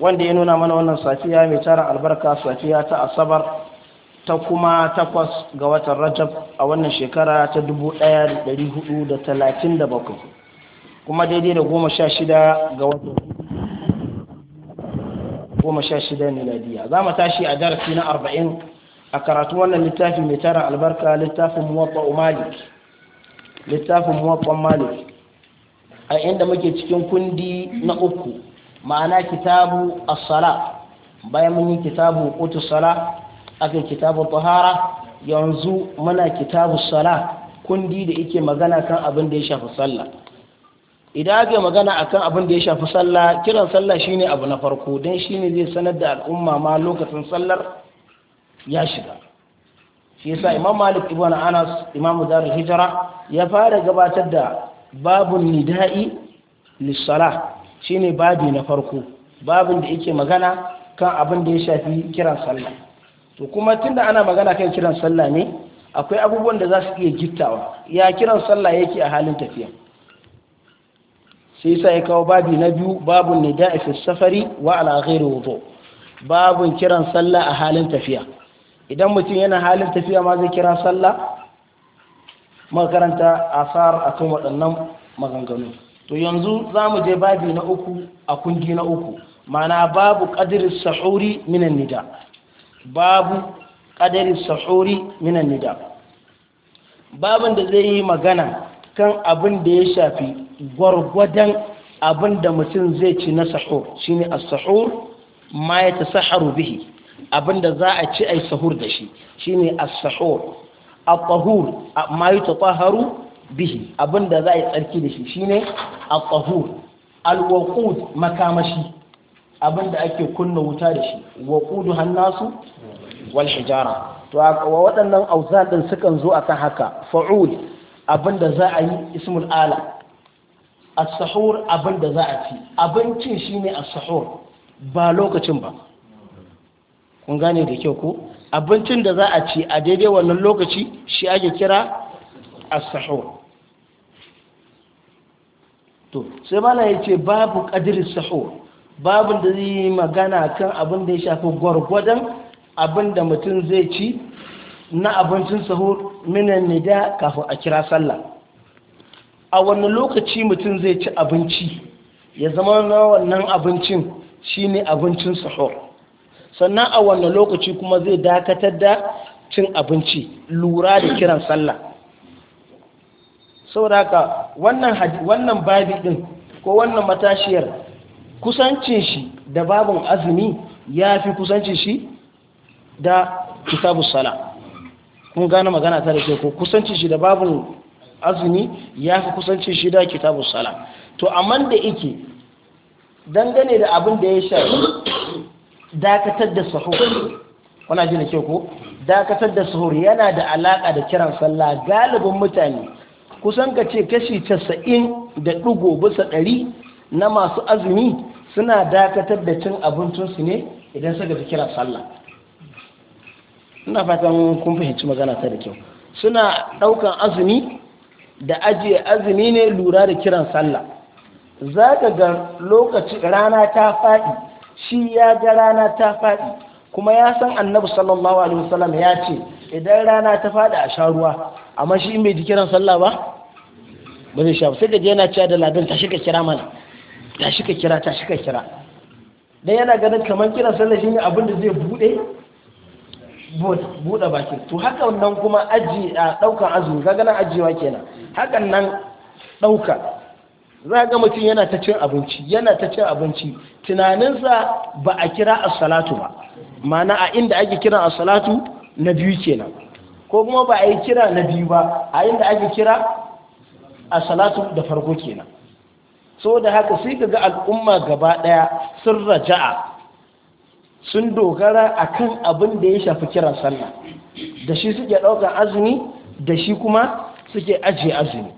wanda ya nuna mana wannan safiya mai tara albarka safiya ta asabar ta kuma takwas ga watan rajab a wannan shekara ta 1437 kuma daidai da goma sha shida ga watan goma sha shida miladiya za mu tashi a darasi na arba'in a karatu wannan littafi mai tara albarka littafin muwaɓa malik littafin muwaɓa malik a inda muke cikin kundi na uku ma'ana kitabu as-sala bayan mun yi kitabu qutus sala aka kitabu tahara yanzu muna kitabu sala kundi da yake magana kan abin da ya shafi sallah idan aka magana akan abin da ya shafi sallah kiran sallah shine abu na farko dan shine zai sanar da al'umma ma lokacin sallar ya shiga shi yasa imam malik ibn anas imam darul hijra ya fara gabatar da babun nida'i lis-salah ne babi na farko babin da yake magana kan abin da ya shafi kiran sallah to kuma tunda ana magana kan kiran sallah ne akwai abubuwan da za su iya gittawa ya kiran sallah yake a halin tafiya sai sai kawo babi na biyu babun da fi safari wa ala ghairi wudu babun kiran sallah a halin tafiya idan mutum yana halin tafiya ma zai kira sallah makaranta asar akan waɗannan maganganu to yanzu za mu je babi na uku a kungi na uku mana babu ƙadirin sahuri minan nida babu ƙadirin sahuri minan nida babin da zai yi magana kan abin da ya shafi gwargwadon abin da mutum zai ci na sahur shine a sahur ma ya saharu bihi abin da za a ci a yi sahur da shi shi shine a sahur a tahur ma ya tasaharu bihi abinda za a yi tsarki da shi shine a ƙahur al makamashi abinda ake kunna wuta da shi wakudu hannasu wal hijara to a waɗannan awzan sukan zo a akan haka fa'ul abinda za a yi ismul ala as-sahur abinda za a ci abincin shine as-sahur ba lokacin ba kun gane da kyau ko abincin da za a ci a daidai wannan lokaci shi ake kira as-sahur to sai mala ya ce babu ƙadirin sahur babu da zai yi magana kan abin da ya shafi gwargwadon abin da mutum zai ci na abincin sahur minan nida kafin a kira sallah a wani lokaci mutum zai ci abinci ya zama na wannan abincin shine abincin sahur sannan a wani lokaci kuma zai dakatar da cin abinci lura da kiran sallah sauraka haka wannan wannan babi din ko wannan matashiyar kusancin shi da babin azumi ya fi kusancin shi da kitabu sala kun gane magana ta da ke ko kusancin shi da babin azumi ya fi kusancin shi da kitabu sala to amma da yake dangane da abin da ya shafi dakatar da sahur wana ji da ke ko dakatar da sahur yana da alaka da kiran sallah galibin mutane kusan ka ce kashi casa'in da ɗigo bisa ɗari na masu azumi suna dakatar da cin abincinsu ne idan suka fi kira sallah ina fatan kun fahimci magana ta da kyau suna ɗaukan azumi da ajiye azumi ne lura da kiran sallah za ka ga lokaci rana ta faɗi shi ya ga rana ta faɗi kuma ya san annabi sallallahu alaihi wasallam ya ce idan rana ta fada a sha ruwa amma shi in bai ji kiran sallah ba ba zai sha ba sai ka je yana cewa da ladan ta shika kira mana Ta shika kira ta shika kira dan yana ganin kamar kiran sallah shine abin da zai bude bude baki to haka nan kuma aji a dauka azumi ga ganin ajiyewa kenan hakan nan dauka za ga mutum yana ta cin abinci yana ta cin abinci tunaninsa ba a kira as-salatu ba ma'ana a inda ake kiran as-salatu na biyu kenan ko kuma ba a yi kira na biyu ba a yin ake kira a salatu da farko kenan so da haka sai ga al'umma gaba daya sun raja'a sun dogara a kan abin da ya shafi kiran sallah da shi suke ɗaukar azumi da shi kuma suke ajiye azumi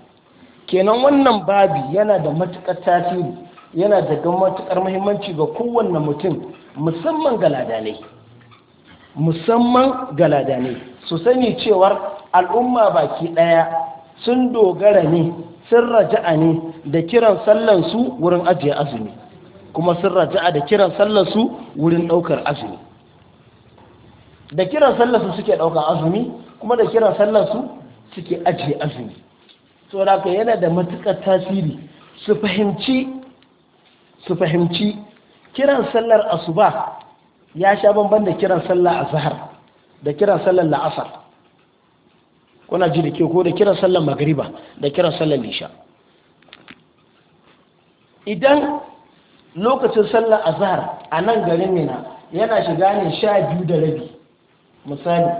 kenan wannan babi yana da matukar tasiri yana da matukar muhimmanci ga kowanne mutum musamman ga ladanai musamman galadane su sani cewar al'umma baki ɗaya sun dogara ne sun raja'a ne da kiran sallansu wurin ajiye azumi kuma sun raja'a da kiran sallansu wurin ɗaukar azumi da kiran sallansu suke ɗaukar azumi kuma da kiran sallansu suke ajiye azumi So saboda yana da matukar tasiri su fahimci su fahimci kiran sallar asuba ya sha bamban da kiran sallah azhar da kiran sallar la'asar kuna ji da ke ko da kiran sallar magariba da kiran sallar nisha idan lokacin sallar azhar a nan garin mina yana shiga ne sha biyu da rabi misali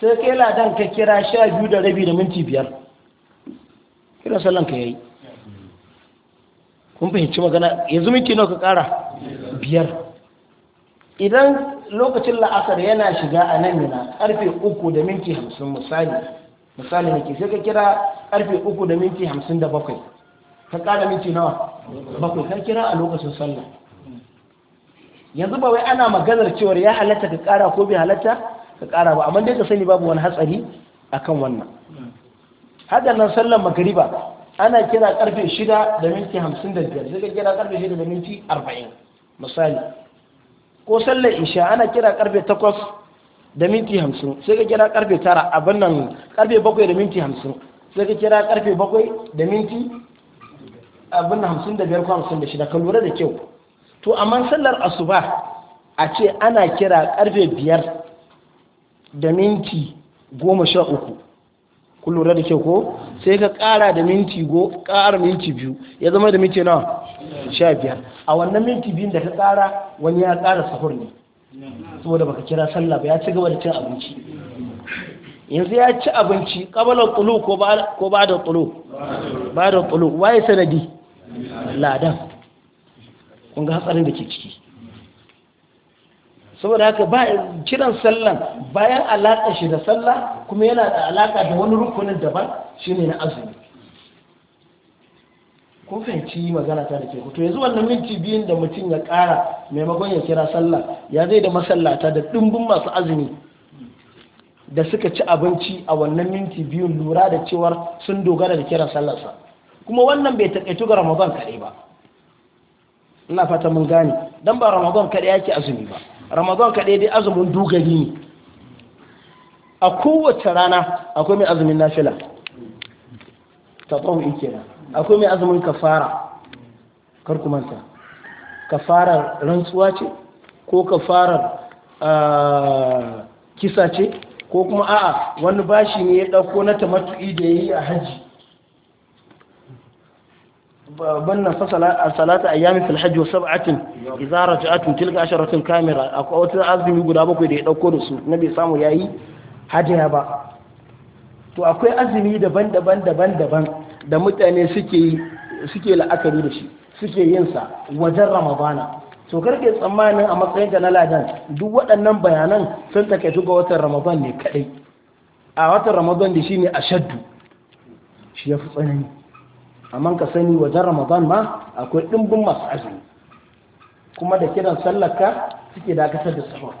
sai kai ladan ka kira sha biyu da rabi da minti biyar kiran sallah ka yayi kun fahimci magana yanzu minti nawa ka kara biyar idan lokacin la'asar yana shiga a nan yana karfe uku da minti hamsin misali misali ne ke sai ka kira karfe uku da minti hamsin da bakwai ka kada minti nawa bakwai ka kira a lokacin sallah yanzu ba wai ana maganar cewar ya halatta ka kara ko bai halatta ka kara ba amma dai ka sani babu wani hatsari a kan wannan haka nan sallar magariba ana kira karfe shida da minti hamsin da biyar zai kira ƙarfe shida da minti arba'in misali ko sallar isha ana kira karfe takwas da minti hamsin sai ka kira karfe tara abin nan karfe bakwai da minti hamsin sai ka kira karfe bakwai da minti abin nan hamsin da biyar ko hamsin da shida ka lura da kyau to amma sallar asuba a ce ana kira karfe biyar da minti goma sha ku lura da kyau ko sai ka ƙara da minti go ƙara minti biyu ya zama da minti nawa sha biyar a wannan minti biyun da ka ƙara wani ya kara sahur ne saboda baka kira sallah ba ya ci gaba da cin abinci yanzu ya ci abinci kabalar tulu ko ba da tulu ba da tulu waye sanadi ladan kun ga hatsarin da ke ciki saboda haka ba kiran sallan bayan alaƙa shi da sallah kuma yana da alaƙa da wani rukunin daban shine na azumi kun fahimci magana ta da ke to yanzu wannan minti biyun da mutum ya ƙara maimakon ya kira sallah ya zai da masallata da ɗimbin masu azumi da suka ci abinci a wannan minti biyun lura da cewar sun dogara da kiran sallarsa kuma wannan bai taƙaitu ga ramadan kaɗai ba ina fata mun gane dan ba ramadan kaɗai yake azumi ba ramadan kaɗai dai azumin dugari ne a kowace rana akwai mai azumin nafila ta ɓahu kenan akwai mai azumin kafara kar kafarar rantsuwa ce ko kafarar kisa ce ko kuma a'a wani bashi ne ya ɗauko na tamattu'i da ya yi a hajji bannan salata ayyami fil hajji wa sab'atin idza raja'atun tilka asharatun kamira akwai wata azumi guda bakwai da ya dauko da su na bai samu yayi hajiya ba to akwai azumi daban-daban daban-daban da mutane suke la'akari da shi suke yin sa wajen ramadana to karke tsammanin a matsayin ka na ladan duk waɗannan bayanan sun takaitu ga watan ramadan ne kadai a watan ramadan da shine ashaddu shi ya fi tsanani amma ka sani wajen ramadan ma akwai ɗimbin masu azumi kuma da kiran sallaka suke dakatar da sahur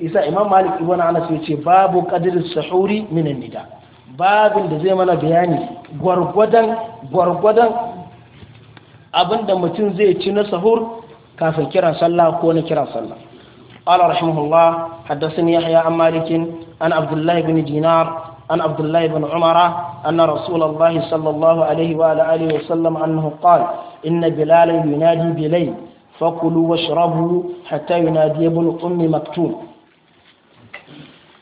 isa imam malik ibn anas ya ce babu qadr sahuri min nida babin da zai mana bayani gwargwadon gwargwadon abinda mutum zai ci na sahur kafin kiran sallah ko na kiran sallah قال رحمه الله حدثني يحيى عن مالك عن عبد الله بن دينار عن عبد الله بن عمر أن رسول الله صلى الله عليه وعلى آله وسلم أنه قال إن بلالا ينادي بليل فكلوا واشربوا حتى ينادي ابن أم مكتوم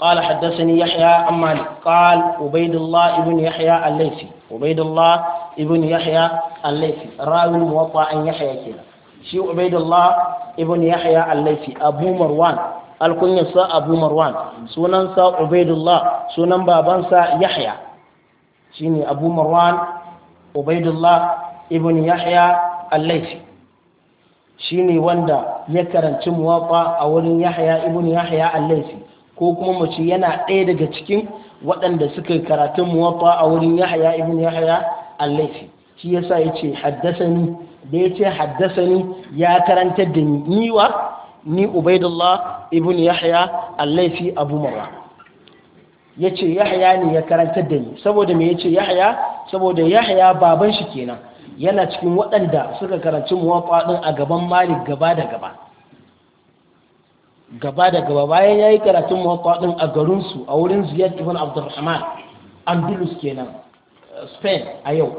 قال حدثني يحيى عن قال عبيد الله بن يحيى الليثي عبيد الله بن يحيى الليثي راوي الموطأ عن يحيى كذا شيء عبيد الله بن يحيى الليثي أبو مروان alkunyarsa abu marwan sunansa ubaidullah sunan babansa yahya shine abu marwan ubaidullah ibn yahya al-laifi shine wanda ya karanci muwafa a wurin yahya ibn yahya al-laifi ko kuma mace yana ɗaya daga cikin waɗanda suka karatun muwafa a wurin yahya ibn yahya al-laifi shi yasa yace ni da haddasa ni ya karanta da ni wa ni ubaidullah ibn yahya al-laifi abu marwa yace yahya ne ya karantar da ni saboda me yace yahya saboda yahya baban shi kenan yana cikin waɗanda suka karanci muwatta din a gaban malik gaba da gaba gaba da gaba bayan yayi karatun muwatta din a garin su a wurin ziyad ibn abdurrahman andalus kenan spain a yau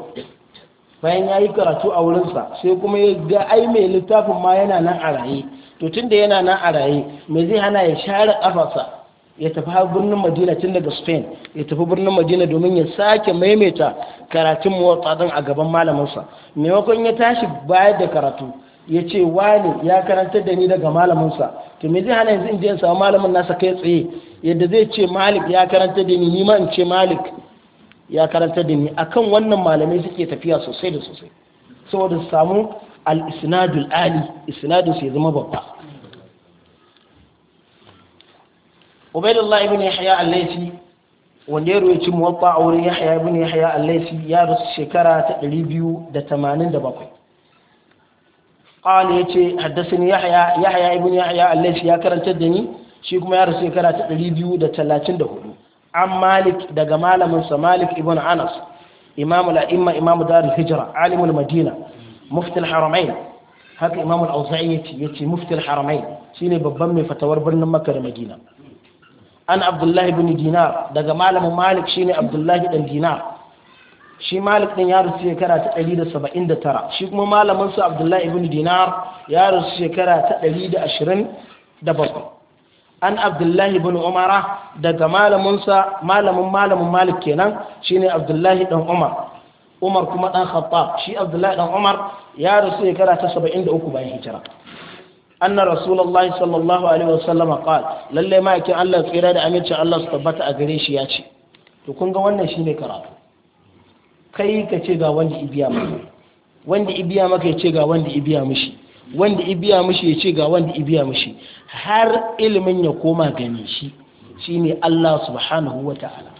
bayan yayi karatu a wurinsa sai kuma ya ga ai mai littafin ma yana nan a raye to tun da yana nan a raye me zai hana ya share kafarsa ya tafi har birnin madina tun daga spain ya tafi birnin madina domin ya sake maimaita karatun motsa a gaban malaminsa maimakon ya tashi bayar da karatu ya ce wani ya karantar da ni daga malaminsa to me zai hana yanzu in je in samu malamin nasa kai tsaye yadda zai ce malik ya karantar da ni ni ma in ce malik ya karanta da ni akan wannan malamai suke tafiya sosai da sosai saboda su samu al ali isnadu sai zama babba ubaidullah ibn yahya al-laythi wanda ya ruwaci muwabba a wurin yahya ibn yahya al-laythi ya rasu shekara ta 287 قال يتي حدثني يحيى يحيى ابن يحيى ya karantar da ni shi kuma ya rasu shekara ta 234 an malik daga malamin sa malik ibn anas imamu al imamu darul hijra alimul madina muftil haramain haka imamul al-auza'i yace yace muftil haramain shine babban mai fatawar birnin makka da madina an abdullahi bin dinar daga malamin malik shine abdullahi dinar shi malik din ya rasu shekara ta 179 shi kuma malamin su abdullahi bin dinar ya rasu shekara ta 127 an abdullahi bin umara daga malamin sa malamin malamin malik kenan shine abdullahi dan umar umar kuma dan khattab shi abdullahi dan umar ya rasu shekara ta 73 bayan hijira anna rasulullahi sallallahu alaihi wasallam qal lalle ma yake Allah tsira da amincin Allah su tabbata a gare shi ya ce to kun ga wannan shine karatu kai ka ce ga wanda ibiya maka wanda ibiya maka ya ce ga wanda ibiya mishi wanda ibiya mishi ya ce ga wanda ibiya mishi har ilimin ya koma gani shi shine Allah subhanahu wa ta'ala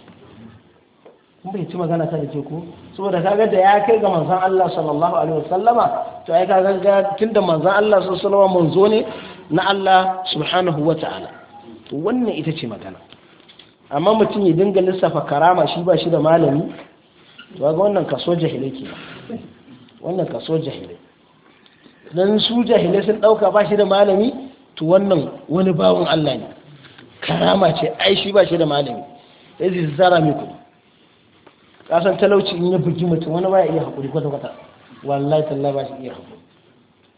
kun bai ci magana ta da ke ko saboda kaga da ya kai ga manzon Allah sallallahu alaihi wasallama to ai kaga ga tunda manzon Allah sallallahu alaihi wasallama manzo ne na Allah subhanahu wataala to wannan ita ce magana amma mutum ya dinga lissafa karama shi ba shi da malami to ga wannan kaso jahilai ke wannan kaso jahilai dan su jahilai sun dauka ba shi da malami to wannan wani bawon Allah ne karama ce ai shi ba shi da malami sai su zara mai kuɗi kasan talauci in ya bugi mutum wani baya iya haƙuri kwata-kwata wallahi talla ba shi iya haƙuri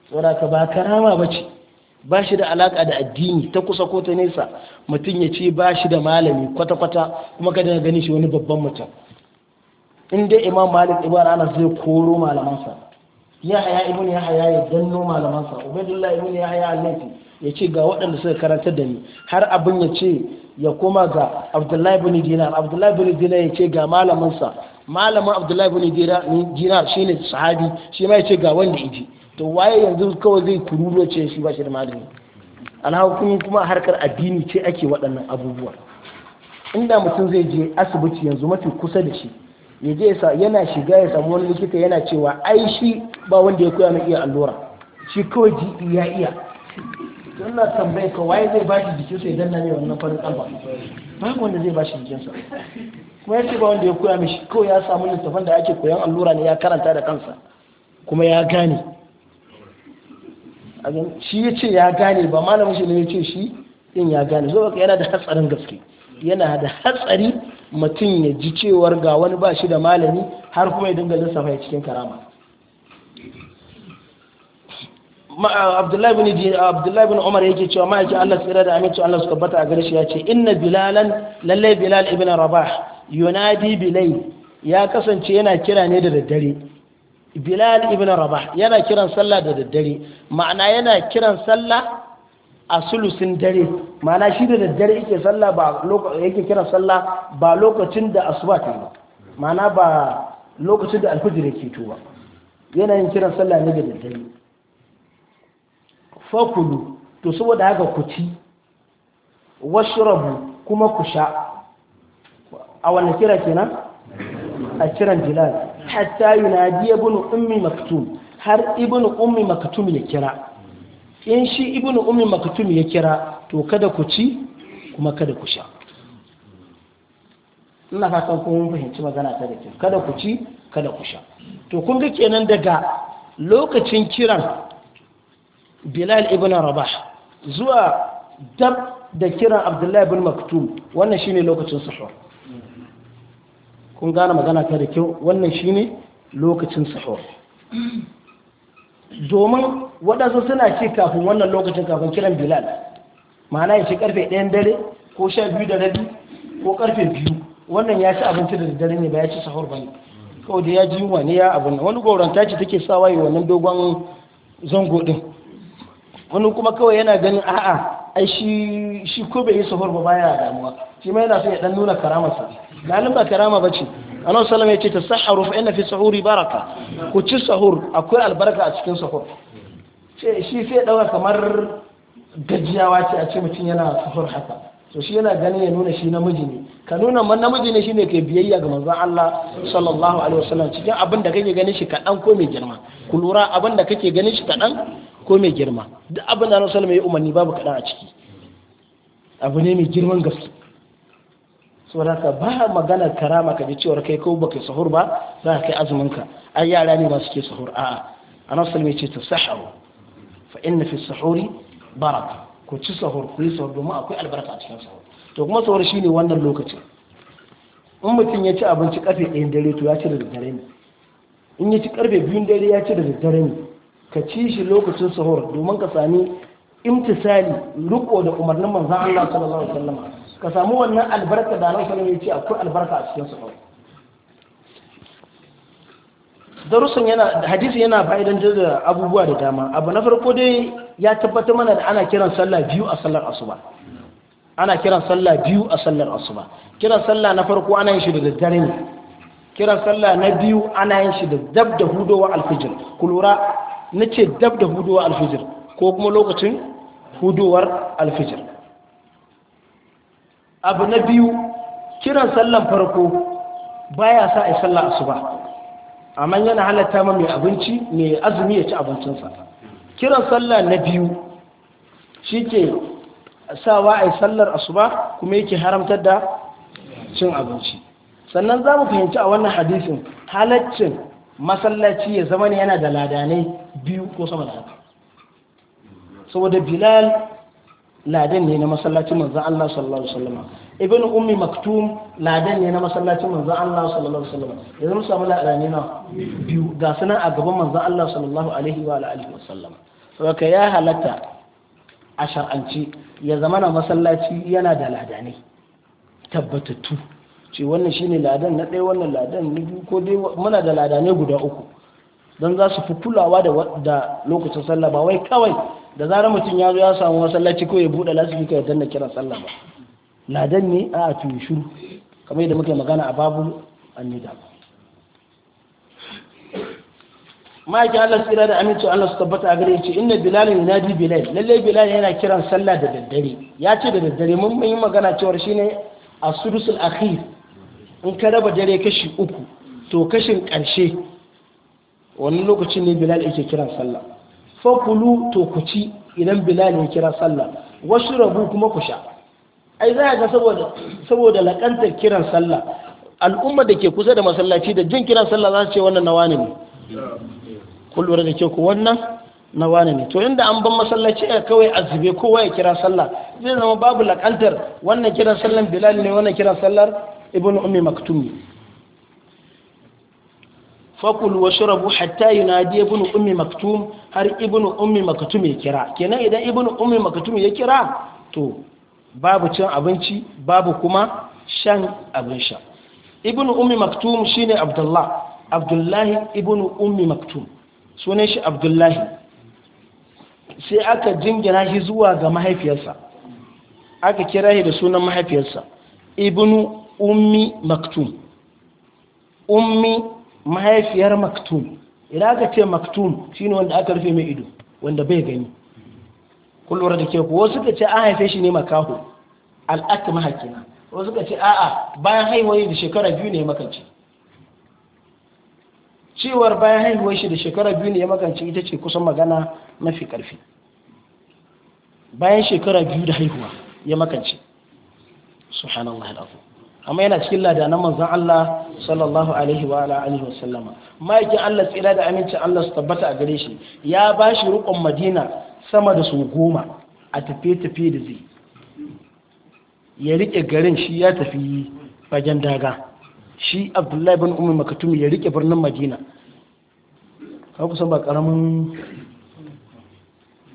saboda ka ba karama ba ce ba shi da alaƙa da addini ta kusa ko ta nesa mutum ya ce ba shi da malami kwata-kwata kuma ka daga gani shi wani babban mutum in dai imam malik ibn zai koro malamansa ya haya ibn ya haya ya danno malamansa ubaidullah ibn ya haya al ya ce ga waɗanda suka karanta da ni har abin ya ce ya koma ga abdullahi bin dinar abdullahi bin dinar ya ce ga malaminsa malamin abdullahi bin dinar shi ne sahabi shi ma ya ce ga wanda iji to waye yanzu kawai zai kururo ce shi ba shi da malami alhakun kuma harkar addini ce ake waɗannan abubuwa inda mutum zai je asibiti yanzu mafi kusa da shi ya je yana shiga ya samu wani likita yana cewa ai shi ba wanda ya koya mai iya allura shi kawai ji ya iya suna tambaye ka waye zai bashi jikinsa idan na ne wannan farin kalba ba wanda zai bashi jikinsa kuma ya ce ba wanda ya koya mishi kawai ya samu littafin da ake koyan allura ne ya karanta da kansa kuma ya gane shi ya ce ya gane ba malamin shi ne ya ce shi din ya gane zo yana da hatsarin gaske yana da hatsari mutum ya ji cewar ga wani ba shi da malami har kuma ya dinga lissafa cikin karama Uh, uh, abdullahi bin umar yake cewa ma'aiki allah tsira da aminci allah su tabbata a gare shi ya ce inna bilalan lallai bilal ibn rabah yunadi bilay ya kasance yana kira ne da daddare bilal ibn rabah yana kiran sallah da daddare ma'ana yana kiran sallah a sulusin dare ma'ana shi da daddare yake sallah ba yake kiran sallah ba lokacin da asuba ta ba ma'ana ba lokacin da alfajir yake tuba yana yin kiran sallah ne da daddare fakulu to saboda haka ku ci washrabu kuma ku sha a wannan kira kenan a kiran bilal hatta yunadi ibn ummi maktum har ibn ummi maktum ya kira in shi ibn ummi maktum ya kira to kada ku ci kuma kada ku sha ina fatan kun fahimci magana ta da kada ku ci kada ku sha to kun ga kenan daga lokacin kiran bilal ibn rabah zuwa dab da kiran abdullahi ibn maktum wannan shine lokacin suhur kun gane magana ta da kyau wannan shine lokacin suhur domin waɗansu suna ce kafin wannan lokacin kafin kiran bilal ma'ana ya ce karfe ɗayan dare ko sha biyu da rabi ko karfe biyu wannan ya ci abinci da dare ne ba ya ci sahur ba ne kawai da ya ji wani ya abin wani gauranta ce take sawa yi wannan dogon zango din. wani kuma kawai yana ganin a'a ai shi ko bai yi sahur ba baya damuwa shi ma yana so ya dan nuna karamarsa sa lalin ba karama bace annabi sallallahu alaihi wasallam ta tasaharu fa inna fi sahuri baraka ku ci sahur akwai albarka a cikin sahur ce shi sai dauka kamar gajiyawa ce a ce mutum yana sahur haka to shi yana ganin ya nuna shi namiji ne ka nuna man namiji ne shine ke biyayya ga manzon Allah sallallahu alaihi wasallam cikin abin da kake ganin shi kadan ko mai girma ku lura abin da kake ganin shi kadan ko mai girma duk abin da Annabi ya umarni babu kaɗan a ciki abu ne mai girman gaske saboda ka ba magana karama ka ji cewar kai ko baka sahur ba za ka kai azumin ka ai yara ne ba suke sahur a'a Annabi sallallahu alaihi wasallam ya ce tasaharu fa inna fi sahuri baraka ku ci sahur ku yi sahur domin akwai albarka a cikin sahur to kuma sahur shine wannan lokacin in mutum ya ci abinci karfe ɗayan dare to ya ci da daddare ne in ya ci karfe biyun dare ya ci da daddare ne ka ci shi lokacin sahur domin ka sami imtisali riko da umarnin manzon Allah sallallahu alaihi wasallam ka samu wannan albarka da Allah sallallahu alaihi wasallam ya ce akwai albarka a cikin sahur darussan yana hadisi yana fa'idantar da abubuwa da dama abu na farko dai ya tabbatar mana da ana kiran sallah biyu a sallar asuba ana kiran sallah biyu a sallar asuba kiran sallah na farko ana yin shi da daddare ne kiran sallah na biyu ana yin shi da dab da hudowa alfijir kulura na ce dab da hudowar alfijir ko kuma lokacin huduwar alfijir abu na biyu kiran sallan farko baya sa a sallah asuba amma yana halatta ma mai abinci mai azumi ya ci abincinsa kiran sallan na biyu shi ke sawa a yi sallar asuba kuma yake haramtar da cin abinci sannan za mu fahimci a wannan hadisin halaccin masallaci ya zama ne yana da ladanai biyu ko sama da haka saboda bilal ladan ne na masallacin manzan Allah sallallahu alaihi wasallam ibn ummi maktum ladan ne na masallacin manzan Allah sallallahu alaihi wasallam yanzu mun samu ladanai na biyu ga sunan a gaban manzan Allah sallallahu alaihi wa alihi wasallam saboda ya halatta a shar'anci ya zama na masallaci yana da ladanai tabbatattu ce wannan shine ladan na ɗaya wannan ladan na biyu ko dai muna da ladanai guda uku don za su fi kulawa da lokacin sallah ba wai kawai da zarar mutum ya zo ya samu masallaci ko ya buɗe lasifika yadda danna kiran sallah ba ladan ne a a tuyi shuru kamar yadda muke magana a babu annida ma'aikin Allah tsira da aminci Allah su tabbata a gare ce inna bilal yunadi bilal lalle bilal yana kiran sallah da daddare ya ce da daddare mun yi magana cewar shine a sudusul akhir in ka raba dare kashi uku to kashin ƙarshe wani lokacin ne bilal yake kiran sallah fakulu to ku ci idan bilal ya kira sallah wasu rabu kuma ku sha ai za ga saboda saboda lakantar kiran sallah al'umma da ke kusa da masallaci da jin kiran sallah za su ce wannan nawa ne ne kullum da ke ku wannan nawa ne to inda an ban masallaci eh, a kawai azube kowa ya kira sallah zai zama babu lakantar wannan kiran sallan bilal ne wannan kiran sallar ibn ummi maktumi fakul washrabu hatta yunadi ibn ummi maktum har ibn ummi maktum ya kira kenan idan ibn ummi maktum ya kira to babu cin abinci babu kuma shan abin sha ibn ummi maktum shine abdullah abdullahi ibn ummi maktum sunan shi abdullahi sai aka jingina shi zuwa ga mahaifiyarsa aka kira shi da sunan mahaifiyarsa ibnu ummi maktum ummi mahaifiyar maktum idan aka ce maktum shine wanda aka rufe mai ido wanda bai gani kullum da ke kuwa suka ce an haife shi ne makaho al'akta mahakina wasu suka ce a'a bayan haihuwar da shekara biyu ne ya makance cewar bayan haihuwar shi da shekara biyu ne ya makance ita ce kusan magana mafi karfi bayan shekara biyu da haihuwa ya makance subhanallah al'afu amma yana cikin ladanan manzon Allah sallallahu alaihi wa alihi wa sallama ma'aikin Allah tsira da amincin Allah su tabbata a gare shi ya ba shi rukun Madina sama da su goma a tafi tafi da zai ya rike garin shi ya tafi fagen daga shi Abdullahi bin Umar Maktum ya rike birnin Madina ka kusan ba karamin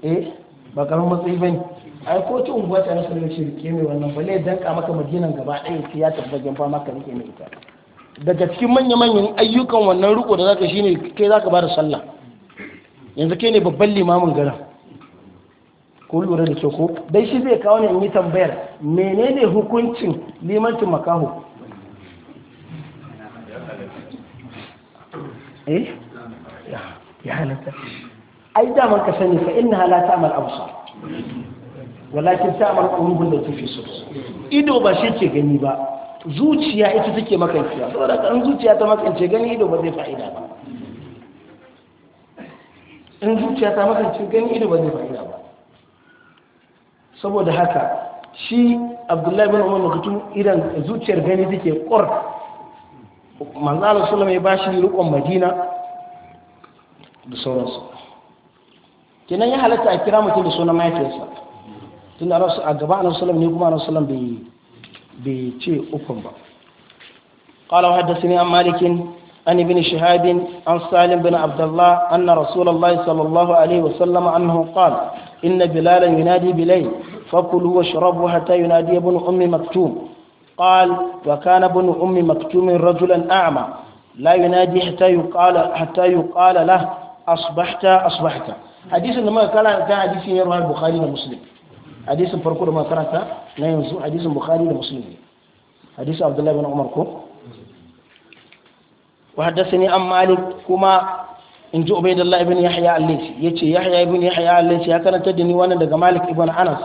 eh ba karamin matsayi bane ai ko ta unguwa ta rasu da shi rike mai wannan ba dan ka maka madinan gaba ɗaya ki ya tafi jan fama ka rike mai ita daga cikin manya-manyan ayyukan wannan riko da zaka shine kai zaka bada sallah yanzu kai ne babban limamin garin ko lura da ko dai shi zai kawo ne in yi tambayar menene hukuncin limancin makaho eh ya halatta ai daman ka sani fa inna la ta'mal absar walakin ta'mal qulubun da tufi su ido ba shi ke gani ba zuciya ita take makanciya saboda kan zuciya ta makance gani ido ba zai fa'ida ba in zuciya ta makance gani ido ba zai fa'ida ba saboda haka shi abdullahi bin umar makatun idan zuciyar gani take ƙor manzo Allah sallallahu alaihi wasallam ya madina da sauransu kenan ya halatta a kira mutum da sunan mahaifiyarsa tun a gaba ne kuma bai ce ukun ba قال وحدثني عن مالك عن ابن شهاب عن سالم بن عبد الله أن رسول الله صلى الله عليه وسلم أنه قال إن بلالا ينادي بليل فكلوا واشربوا حتى ينادي ابن أم مكتوم قال وكان ابن أم مكتوم رجلا أعمى لا ينادي حتى يقال حتى يقال له أصبحت أصبحت حديث لما قال كان حديث يروى البخاري ومسلم hadisin farko da makaranta na yanzu hadisin bukhari da musulmi hadisin abdullahi bin umar ko wa haddathani an malik kuma in ji ubaidullah ibn yahya al-laysi yace yahya ibn yahya al-laysi ya karanta da ni wannan daga malik ibn anas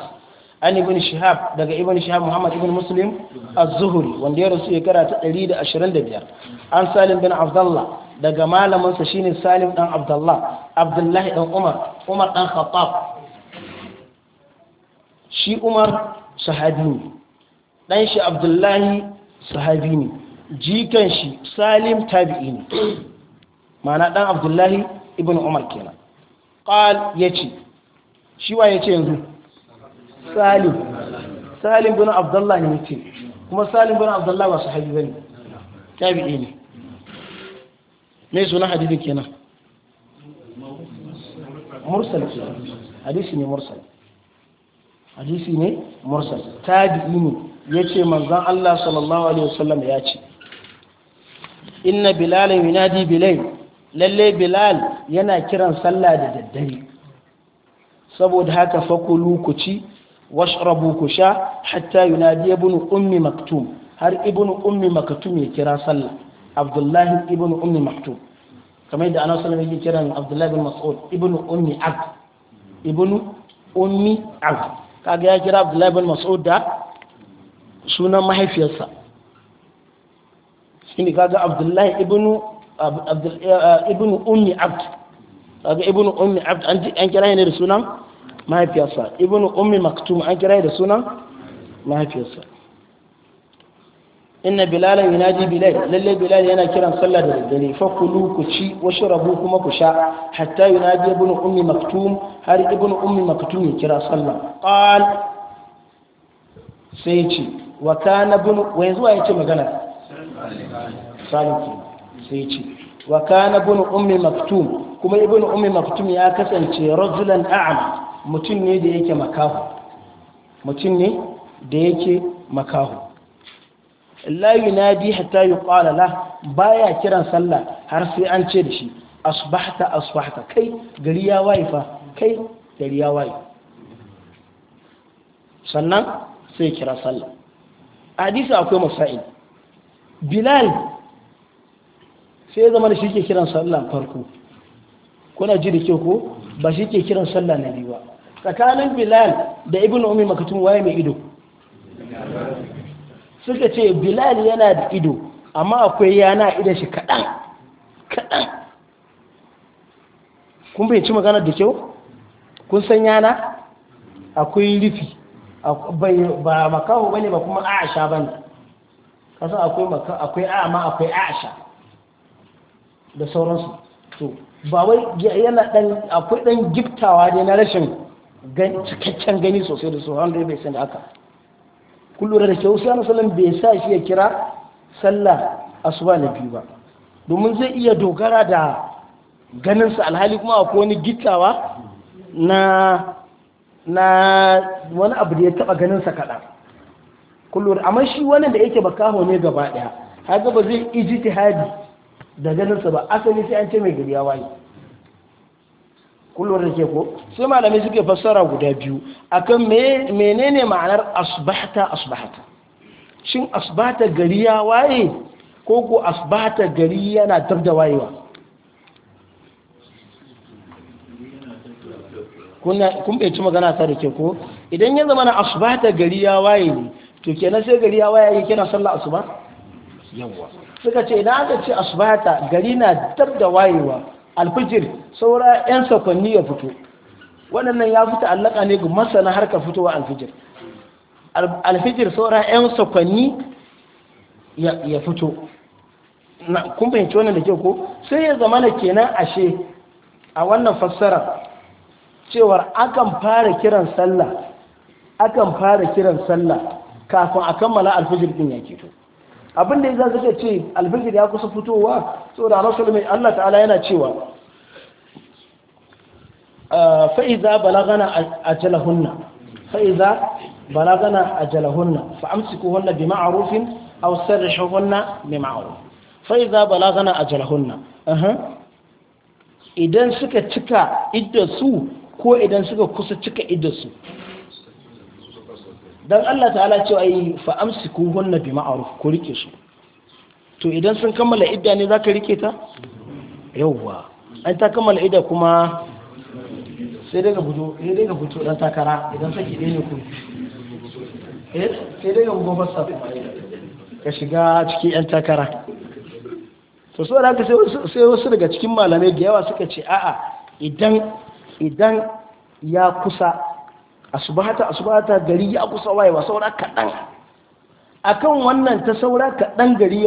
an ibn shihab daga ibn shihab muhammad ibn muslim az-zuhri wanda ya rasu shekara ta 125 an salim bin abdullah daga malamansa shine salim dan abdullah abdullahi dan umar umar dan khattab shi umar sahabi ne ɗan shi abdullahi sahabi ne jikan shi salim tabi'i ne mana ɗan abdullahi ibn umar kenan ƙal ya ce shi wa ya ce yanzu salim salim bin abdullahi ne ce kuma salim bin abdullahi ba sahabi ba ne tabi'i ne mai suna hadithin kenan mursal kenan hadisi ne mursal hadisi ne mursal tabi'i ne yace manzon Allah sallallahu alaihi wasallam ya ce inna bilal yunadi bilay lalle bilal yana kiran sallah da daddare saboda haka fakulu ku ci washrabu ku sha hatta yunadi ibn ummi maktum har ibn ummi maktum ya kira sallah abdullahi ibn ummi maktum kamar da ana sallallahu alaihi kira abdullahi bin mas'ud ibn ummi abd ibn ummi abd kaga ya kira abdullahi bin mas'ud da sunan mahaifiyarsa shine kaga abdullahi ibnu ibn ummi abd kaga ibnu ummi abd an kira ne da sunan mahaifiyarsa ibnu ummi maktum an kira da sunan mahaifiyarsa inna bilalan yunaji bilal lalle bilal yana kiran sallah da daddare fa kulu ku ci washrabu kuma ku sha hatta yunaji ibn ummi maktum har ibn ummi maktum ya kira sallah qal sai ci wa kana ibn wa yanzu ya ce magana sai ci wa kana ibn ummi maktum kuma ibn ummi maktum ya kasance rajulan a'am mutum ne da yake makahu mutum ne da yake makahu la yunadi hatta yuqala la baya kiran sallah har sai an ce da shi asbahta asbahta kai gari ya waye fa kai gari ya waye sannan sai kira sallah hadisi akwai masail bilal sai zama da shi ke kiran sallah farko kuna ji da kyau ko ba shi ke kiran sallah na biyu ba tsakanin bilal da ibn umi makatun waye mai ido suka ce bilal yana da ido amma akwai yana idan shi kaɗan kaɗan kun bayyanci magana da kyau kun san yana akwai rufi ba makaho bane ba kuma a'asha bane kasan akwai makaho akwai a'ama akwai a'asha da sauransu to ba wai yana dan akwai dan giftawa ne na rashin cikakken gani sosai da sauran da bai san da haka kullum da kyau sai sallam bai sa shi ya kira sallah asuba na biyu ba domin zai iya dogara da ganinsa alhali kuma akwai wani gittawa na na wani abu da ya taba ganinsa kaɗan kullum amma shi wani da yake bakaho ne gaba ɗaya haka ba zai tihadi da ganinsa ba asali sai an ce mai gari ya waye kullum da ke ko sai malamai suke fassara guda biyu akan menene ma'anar asbahta asbahta shin asbahta gari ya waye ko ko asbahta gari yana dab da wayewa kun bai ci magana ta da ke ko idan ya zama na asbahta gari ya waye ne to kenan sai gari ya waye yake na sallah asuba yawa suka ce idan aka ce asbahta gari na dab da wayewa alfijir saura 'yan sakwanni ya fito waɗannan ya fita allaka ne ga masana harka fitowa alfijir alfijir saura 'yan sakwanni ya fito kun fahimci wannan da ke ko sai ya zama na kenan ashe a wannan fassara cewar akan fara kiran sallah akan fara kiran sallah kafin a kammala alfijir din ya keto abin da ya zai ce alfijir ya kusa fitowa So da rasul mai Allah ta'ala yana cewa Fa'iza ah, balagana a fa fa'iza balagana ajalahunna fa amsikuhunna bi ma'rufin aw sarrihuhunna bi ma'ruf fa Fa'iza balagana jalahunna idan suka cika idda su ko idan suka kusa cika idda su dan Allah ta'ala cewa ai fa amsiku hunna bi ma'ruf ku rike su to idan sun kammala idda ne zaka rike ta yawwa ai ta kammala idda kuma sai daga fito sai daga fito dan takara idan saki dai ne ku eh sai daga bugo fasa ka shiga cikin yan takara to so da sai wasu daga cikin malamai da yawa suka ce a'a idan idan ya kusa asubahata asubahata gari ya kusa wayewa saura kaɗan akan wannan ta saura kaɗan gari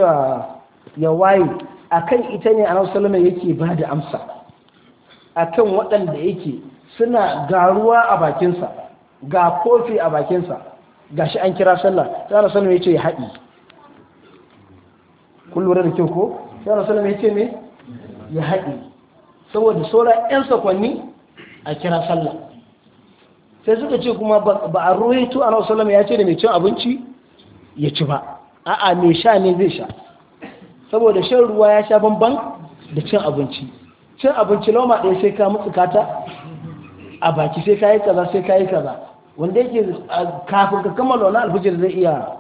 ya waye akan ita ne annabi sallama yake ba da amsa akan waɗanda yake suna garuwa a bakinsa ga kofi a bakinsa gashi an kira sallah sai annabi sallama yace ya haɗi kun da kyau ko sai annabi sallama yace me ya haɗi saboda saura 'yan sakonni a kira sallah sai suka ce kuma ba a ruwaitu a nausalam ya ce da mai cin abinci ya ci ba a'a mai sha ne zai sha saboda shan ruwa ya sha banban da cin abinci cin abinci lauma ɗaya sai ka mutu kata a baki sai ka yi kaza sai ka yi kaza wanda yake kafin ka kammala wani alfijir zai iya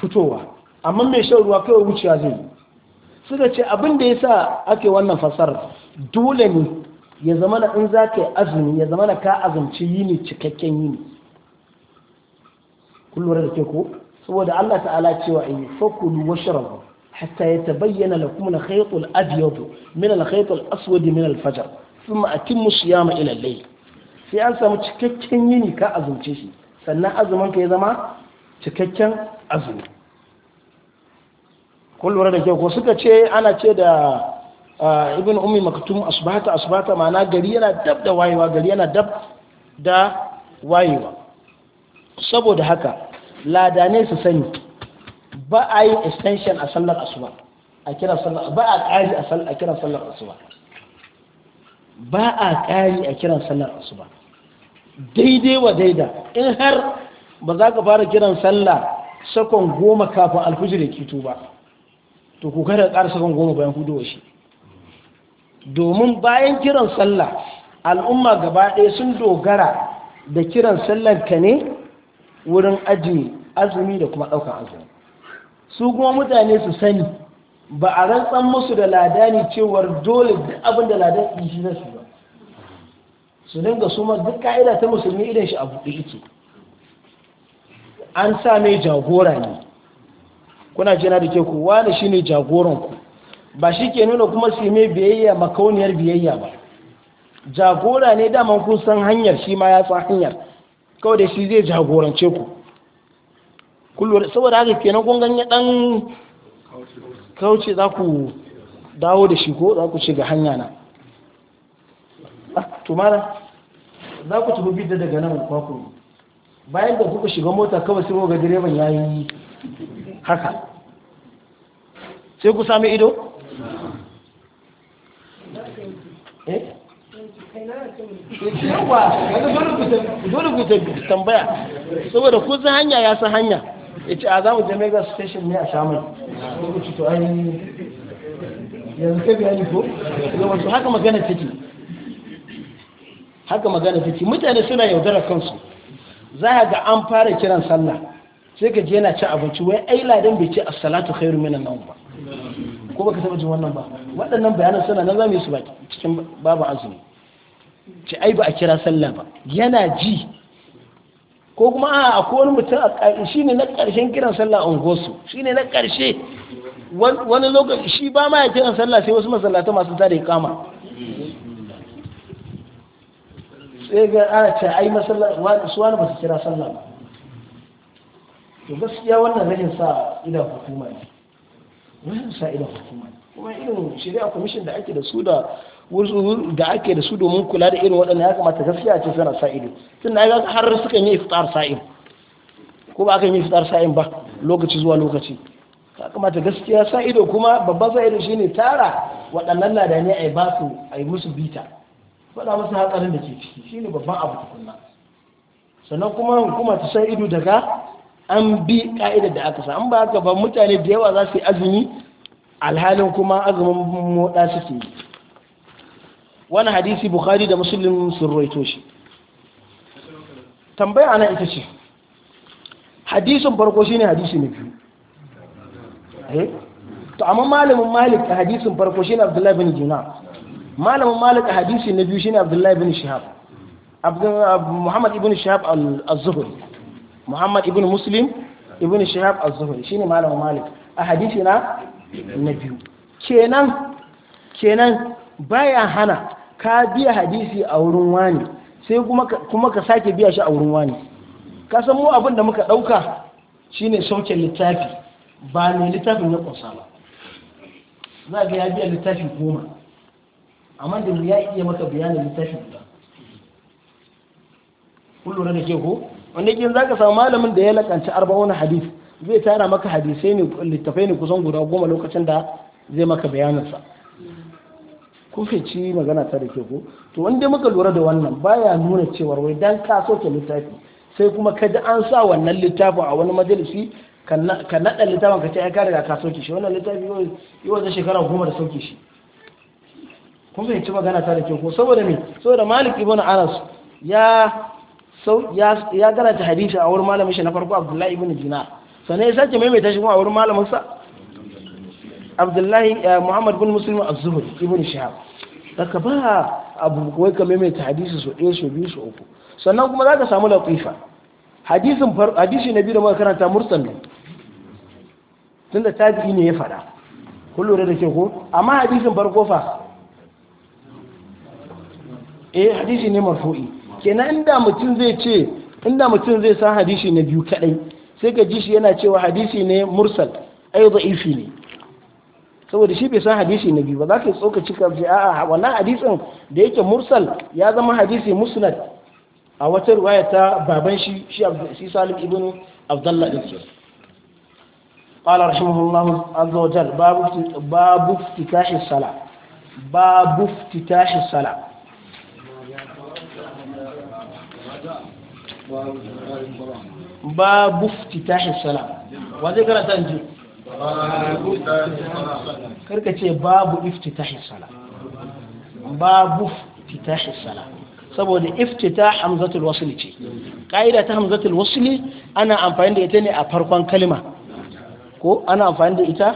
fitowa amma mai shan ruwa kawai wucewa zai suka ce abin da ya sa ake wannan fasar dole ne ya zama na in za ka yi azumi ya zama na ka azumci yini cikakken yini kullum da ke ko saboda Allah ta'ala cewa in fakulu washrabu hatta yatabayyana bayyana al-khayt al-abyad min al-khayt al-aswad min al-fajr thumma atimmu siyama ila al sai an samu cikakken yini ka azumce shi sannan azumin ka ya zama cikakken azumi kullum da ke ko suka ce ana ce da ibn ummi maktum asbata asbata ma'ana gari yana dab da wayewa gari yana dab da wayewa saboda haka ladane su sani ba a yi extension a sallar asuba a kira sallar ba a ƙari a kiran sallar asuba ba a ƙari a kiran sallar asuba daidai wa daida in har ba za ka fara kiran sallah sakon goma kafin alfijir ya kito ba to ku kada ƙara sakon goma bayan hudu wa shi domin bayan kiran sallah al'umma gaba ɗaya sun dogara da kiran sallar ka ne wurin ajiye azumi da kuma ɗaukar azumi su kuma mutane su sani ba a rantsan musu da ladani cewar dole duk abin da ladan ɗin shi nasu ba su dinga su ma duk ka'ida ta musulmi idan shi a buɗe ike an sa mai jagora ne kuna jina da ke kowa ne shi ne jagoranku ba shi ke nuna kuma su mai biyayya makauniyar biyayya ba jagora ne daman kun san hanyar shi ma ya san hanyar kawai da shi zai jagorance ku kullum saboda haka kenan kun ganye dan kauce za ku dawo da shi ko za ku shiga hanya na ah, tumara za ku tafi bidda daga nan kwakwun bayan da kuka shiga mota kawai sai ga direban ya yi haka sai ku sami ido eh yawa dole ku tambaya saboda ku san hanya ya san hanya ya ce a za mu je station ne a shaman ko ci to ai yanzu ko yawa to haka magana take haka magana take mutane suna yaudarar kansu za ga an fara kiran sallah sai ka je yana ci abinci wai ai ladan bai ce as-salatu khairu minan nawm ba ko baka taba jin wannan ba waɗannan bayanan suna nan zamu yi su ba cikin babu azumi ci ai ba a kira sallah ba yana ji ko kuma a akwai wani mutum a shine na ƙarshen kiran sallah a shi shine na ƙarshe wani lokaci shi ba ma ya kiran sallah sai wasu masallata masu tare kama sai ga ana ce ai su wani ba su kira sallah ba to gaskiya wannan rashin sa idan hukuma ne rashin sa idan hukuma ne kuma irin shari'a commission da ake da su da da ake da su domin kula da irin waɗannan ya kamata gaskiya ce suna sa ido tun da har suka yi iftar sa'in ko ba aka yi iftar sa'in ba lokaci zuwa lokaci ya kamata gaskiya sa ido kuma babban sa ido shine tara waɗannan ladani a yi ba su a musu bita faɗa musu hatsarin da ke ciki shine babban abu tukunna sannan kuma hukuma ta sa ido daga an bi ka'idar da aka sa an ba haka ba mutane da yawa za su yi azumi alhalin kuma azumin moda suke yi wani hadisi bukhari da muslim sun roito shi tambaya ana ita ce hadisin farko shi ne hadisi na biyu eh? to amma malamin malik a hadisin farko shi ne abdullahi bin juna malamin malik a hadisi na biyu shi ne abdullahi bin shahab muhammad ibn shahab al-zuhri muhammad ibn muslim ibn shihab Al zuhri shine malamin malik a hadisi na na biyu kenan kenan baya hana ka biya hadisi a wurin wani sai kuma ka sake biya shi a wurin wani ka san mu abin da muka dauka shine saukin littafi ba ne littafin ya kunsa ba za ga ya biya littafin goma amma da ya iya maka bayanin littafin guda kun lura da ke ko wanda kin zaka samu malamin da ya lakanci 40 hadith zai tara maka hadisai ne littafai ne kusan guda goma lokacin da zai maka bayanin sa kun fici magana ta da ke ko to wanda muka lura da wannan baya nuna cewar wai dan ka soke littafi sai kuma ka ji an sa wannan littafin a wani majalisi ka naɗa littafin ka ce ai ka riga ka soke shi wannan littafi yi wata shekara goma da soke shi kun fahimci magana ta da ke ko saboda me saboda malik ibn anas ya sau ya ta hadisi a wurin malamin shi na farko abdullahi ibn Jina. sannan ya sake maimaita shi kuma a wurin malamin sa abdullahi eh, muhammad bin muslim az-zuhri ibn shahab daga ba abu wai ka maimaita hadisi so ɗaya so biyu so uku sannan kuma za ka samu laƙifa hadisin hadisi na biyu da muka karanta mursal ne tunda tabi'i ne ya faɗa kun lura da ke ko amma hadisin farko fa eh hadisi ne marfu'i kenan inda mutum zai ce inda mutum zai san hadisi na biyu kadai sai ka ji shi yana cewa hadisi ne mursal ai da'ifi ne saboda shi bai san hadisi na biyu ba za ka tsokaci ka ce a'a wannan hadisin da yake mursal ya zama hadisi musnad a wata riwaya ta baban shi shi shi Salim ibn Abdullah din shi qala rahimahullah azza عز وجل babu باب افتتاح الصلاه باب Sala. babu fitahi salam wa zai karanta in ji karka ce babu iftitahi salam babu iftitahi salam saboda iftita hamzatul wasli ce ƙa'ida ta hamzatul wasli ana amfani da ita ne a farkon kalma ko ana amfani da ita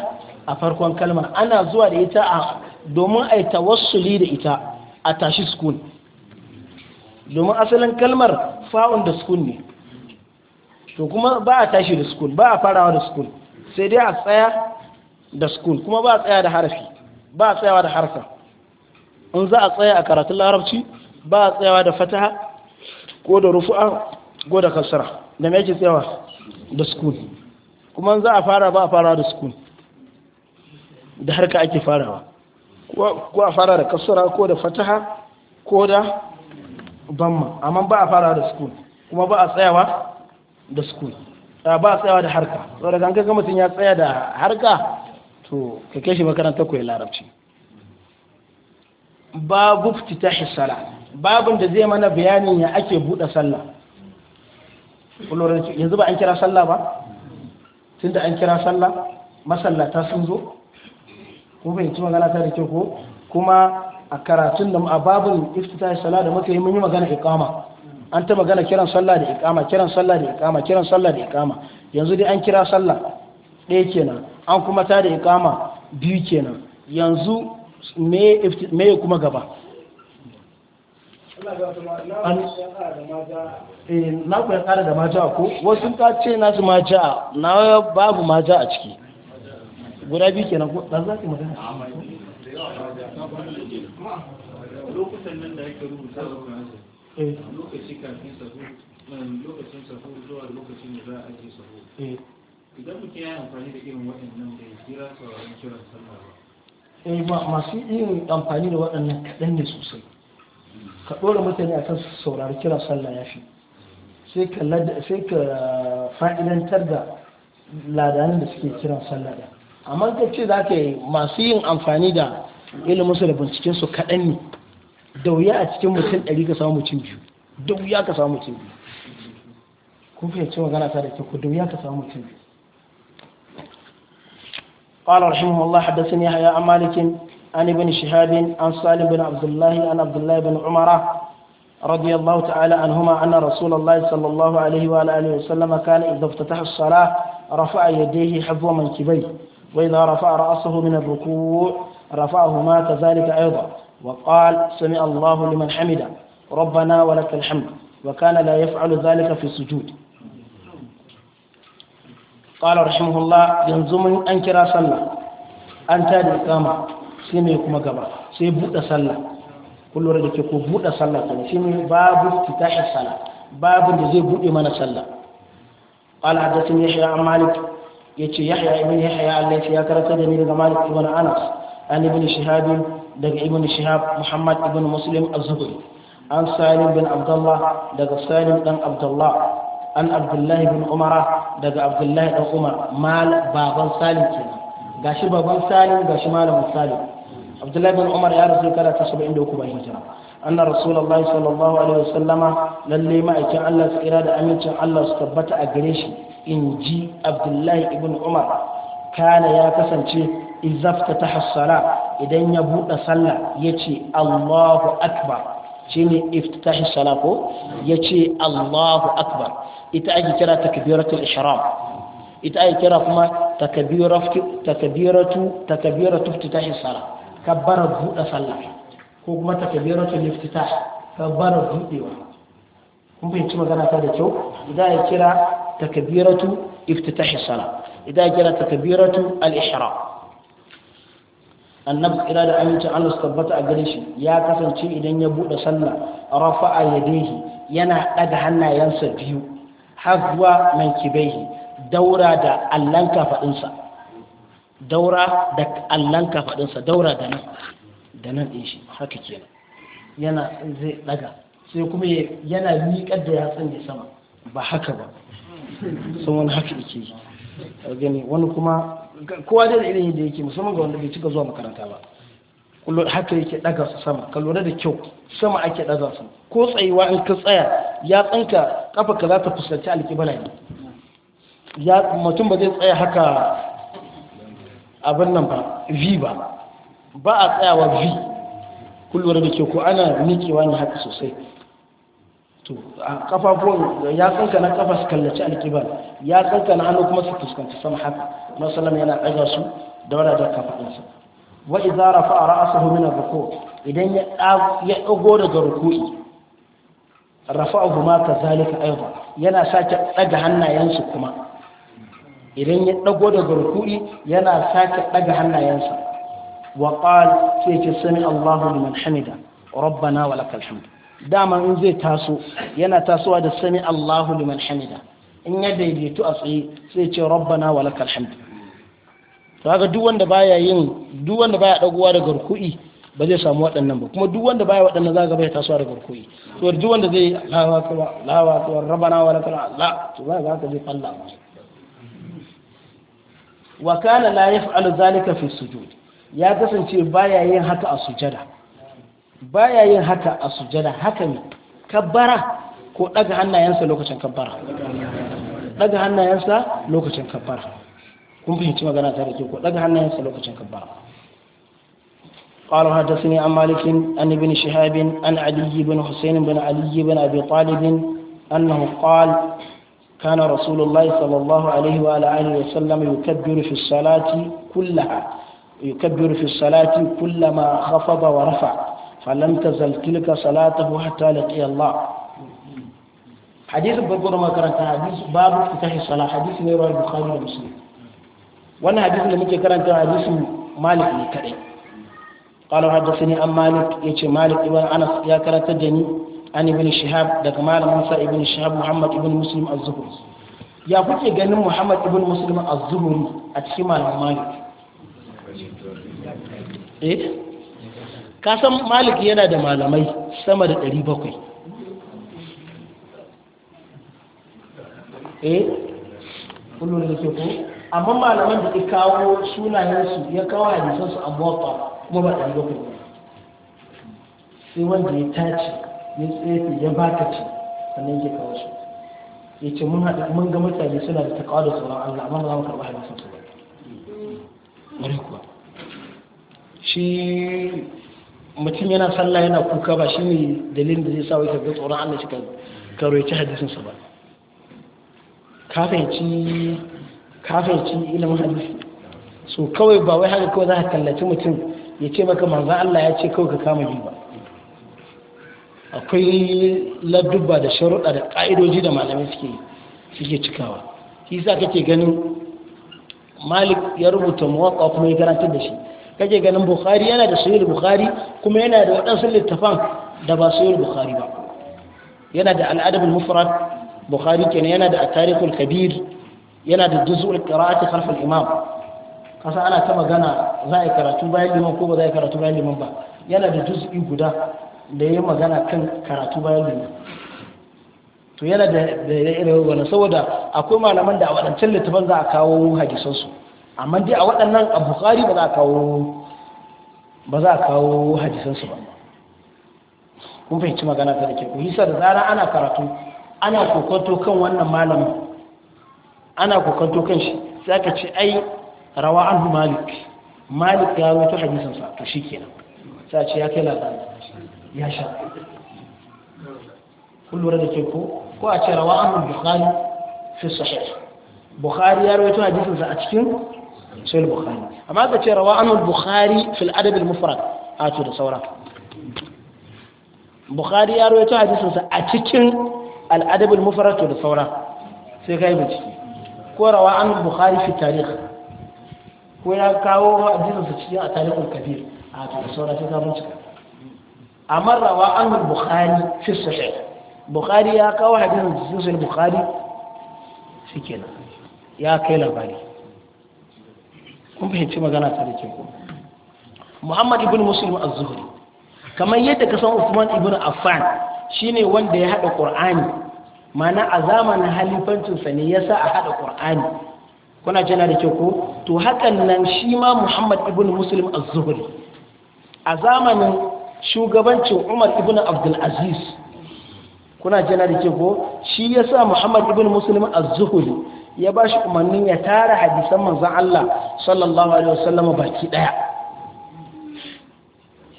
a farkon kalma ana zuwa da ita a domin a yi tawassuli da ita a tashi sukun domin asalin kalmar fa'un da sukun ne to kuma ba a tashi da sukun ba a farawa da sukun sai dai a tsaya da sukun kuma ba a tsaya da harafi ba a tsayawa da harfa in za a tsaya a karatun larabci ba a tsayawa da fataha ko da rufu'a ko da kasara da mai yake tsayawa da sukun kuma za a fara ba a farawa da sukun da harka ake farawa ko a fara da kasara ko da fataha ko da ma amma ba a fara da sukun kuma ba a tsayawa da sukun ba a tsayawa da harka saboda kan gama mutum ya tsaya da harka to ka kai shi makaranta koyi larabci babu fitita hisala babin da zai mana bayanin ya ake buɗe sallah yanzu ba an kira sallah ba tunda an kira sallah masallata sun zo ko bai ci magana ta da kyau ko kuma a karatun da a babin iftitahi sala da muka yi mun yi magana iqama an ta magana kiran sallah da iqama kiran sallah da iqama kiran sallah da iqama yanzu dai an kira sallah ɗaya kenan an kuma ta da iqama biyu kenan yanzu me me kuma gaba eh, na ku ya kara da mata ko wasu ta ce nasu mata na babu maja a ciki guda biyu kenan ko za ki magana lokutan nan da yake rubuta lokaci kafin sahur lokacin sahur zuwa lokacin da za a je sahur idan mutum ya amfani da irin waɗannan bai jira sauraron kiran sallah ba eh masu yin amfani da waɗannan kaɗan ne sosai ka ɗora mutane a kan saurari kiran sallah ya fi sai ka fa'idantar da ladanin da suke kiran sallah da amma ka ce za ka yi masu yin amfani da ilimin su da binciken su kaɗan ne da wuya a cikin mutum ɗari ka samu mutum biyu da wuya ka samu mutum biyu kun fiye ce magana ta da ke ku da wuya ka samu mutum biyu ƙwalar shi allah haddasa ne haya malikin an ibn shahadin an salim bin abdullahi an abdullahi bin umara radiyallahu ta'ala an huma anna rasulullahi sallallahu alaihi wa alihi wa sallama kana idan ta tahassara rafa'a yadayhi habwa mankibai وإذا رفع رأسه من الركوع رفعهما كذلك أيضا وقال سمع الله لمن حمده ربنا ولك الحمد وكان لا يفعل ذلك في السجود قال رحمه الله ينزمني أن كرا صلى أن تاد إقامة سيمي كما قبا سي بودا صلى كل رجل كو بودا صلى سيمي باب افتتاح الصلاة باب زي بودي من صلى قال حدثني يحيى عن مالك yace yahya ibn yahya allahi ya karanta da ni daga malik ibn anas an ibn shihab daga ibn shihab muhammad ibn muslim az-zuhri an salim bin abdullah daga salim dan abdullah an abdullahi Ibn Umar daga abdullahi Ibn umar mal baban salim kenan gashi baban salim gashi malamin salim abdullahi Ibn umar ya rasu kada ta 73 bayan hijira anna rasulullahi sallallahu alaihi wasallama lalle ma'aikin Allah su kira da amincin Allah su tabbata a gare shi in ji abdullahi ibn umar kana ya kasance izafta ta hassala idan ya buɗe sallah ya ce allahu akbar shi ne iftitahi sala ko ya ce allahu akbar ita ake kira takbiratul ishram ita ake kira kuma takabiratu takbiratu iftitahi sala kabbara buɗe sallah ko kuma takbiratul iftitah kabbara buɗewa kun fahimci magana ta da kyau idan ya kira takbiratu iftitahi sala idan kira takbiratu al-ihram annabi kira da amincin Allah su tabbata a gare shi ya kasance idan ya bude sallah rafa'a yadayhi yana daga hannayensa biyu hazwa mankibaihi daura da allan kafadinsa daura da allan kafadinsa daura da nan da nan ɗin shi haka kenan yana zai daga sai kuma yana miƙar da yatsan ne sama ba haka ba sun wani haka yake yi gani wani kuma kowa da ilimin yadda yake musamman ga wanda bai cika zuwa makaranta ba kullum haka yake daga su sama ka lura da kyau sama ake daga su ko tsayuwa in ka tsaya ya tsanka kafa ka za ta fuskanci alkibala ne ya mutum ba zai tsaya haka abin nan ba v ba ba a tsayawa v kullum da kyau ko ana miƙewa ne haka sosai to a kafafuwan ya tsanka na kafa su kallaci alkibar ya tsanka na hannu kuma su fuskanci sama haka masallam yana ɗaga su da daura da kafaɗinsa wa idza rafa'a ra'sahu min ar-ruku' idan ya ya dago daga ruku'i rafa'ahu ma kazalika aidan yana sake daga hannayensu kuma idan ya dago daga ruku'i yana sake daga hannayensa wa qala sai ce sami Allahu liman hamida rabbana wa lakal hamd dama in zai taso yana tasowa da sami Allahu liman hamida in ya daidaitu a tsaye sai ce rabbana wa lakal hamd to haka duk wanda baya yin duk wanda baya dagowa daga ruku'i ba zai samu waɗannan ba kuma duk wanda baya waɗannan za ga bai tasowa daga ruku'i to duk wanda zai lawa kawa lawa kawa rabbana wa lakal Allah to za ga zai falla wa kana la yaf'alu zalika fi sujud ya kasance baya yin haka a sujada baya yin haka a sujada haka ne kabbara ko daga hannayensa lokacin kabbara daga hannayensa lokacin kabbara kun fahimci magana ta rike ko daga hannayensa lokacin kabbara قال حدثني عن مالك عن ابن شهاب عن علي بن حسين بن علي بن ابي طالب انه قال كان رسول الله صلى الله عليه وعلى اله وسلم يكبر في الصلاه كلها يكبر في الصلاه كلما خفض ورفع falam tazal tilka salatahu hatta laqiya Allah hadisi babbar makaranta hadisi babu fitahi salah hadisi ne rawal bukhari da muslim wannan hadisin da muke karanta hadisin malik ne kadai قالوا حدثني عن مالك يجي anas ya karanta da ni an عن ابن daga دك مالك موسى ابن muhammad محمد ابن مسلم الزهري ya kuke ganin Muhammad ibn Muslim az-Zuhri a cikin malamin Malik eh ka san Maliki yana da malamai sama da 700 eh kullum da ke ku? amma malaman da ke kawo sunayensu ya kawo hadisansu a mota kuma ba 700 sai wanda ya tace ya tsefe ya baka ce sannan ke kawo su ya ce mun mun ga mutane suna da takawa da tsoron Allah amma ba za mu karɓa hadisansu ba. Mare kuwa. Shi mutum yana sallah yana kuka ba shi ne dalilin da zai sa wai kaga tsoron Allah shi ka roici hadisin sa ba kafin ci ilimin hadisi so kawai ba wai haka kawai za ka kallaci mutum ya ce maka manzo Allah ya ce kawai ka kama biyu ba akwai ladduba da sharuɗa da ƙa'idoji da malamai suke suke cikawa shi sa kake ganin malik ya rubuta muwaƙa kuma ya da shi kake ganin bukhari yana da sahih bukhari kuma yana da waɗansu littafan da ba sahih bukhari ba yana da al-adab al-mufrad bukhari kenan yana da at-tarikh al-kabir yana da juz'u al-qira'ati khalf al-imam kasa ana ta magana za a karatu bayan liman ko ba za a karatu bayan liman ba yana da juz'i guda da ya magana kan karatu bayan liman to yana da irin wannan saboda akwai malaman da a waɗancan littafan za a kawo hadisansu amma dai a waɗannan a bukari ba za a kawo ba za a kawo hadisansu ba kun fahimci magana ta da ke ku Sa da zara ana karatu ana kokonto kan wannan malamin ana kokonto kan shi sai aka ce ai rawa an malik malik ya wato hadisansa to shi kenan sa ce ya kai labarin. ya sha kun lura da ke ko ko a ce rawa an bukari fi sahih bukhari ya rawaito hadisinsa a cikin sai al-bukhari amma ka ce rawa anhu al-bukhari fil adab al-mufrad a to da saura bukhari ya rawaito hadisin sa a cikin al-adab al-mufrad to da saura sai kai bincike ko rawa anhu al-bukhari fi tarikh ko ya kawo hadisin sa cikin a tarikh al-kabir a to da saura sai ka bincike amma rawa anhu al-bukhari fi sahih bukhari ya kawo hadisin sa bukhari shikenan ya kai labari kun fahimci magana ta da ku muhammad ibn muslim az-zuhri kamar yadda ka san usman ibn affan shine wanda ya hada qur'ani mana a zamanin halifancin sa ne yasa a hada qur'ani kuna jana da ke ku to hakan nan shi ma muhammad ibn muslim az-zuhri a zamanin shugabancin umar ibn abdul aziz kuna jana da ke ku shi yasa muhammad ibn muslim az-zuhri ya ba shi umarnin ya tara hadisan manzan Allah sallallahu alaihi wasallam baki daya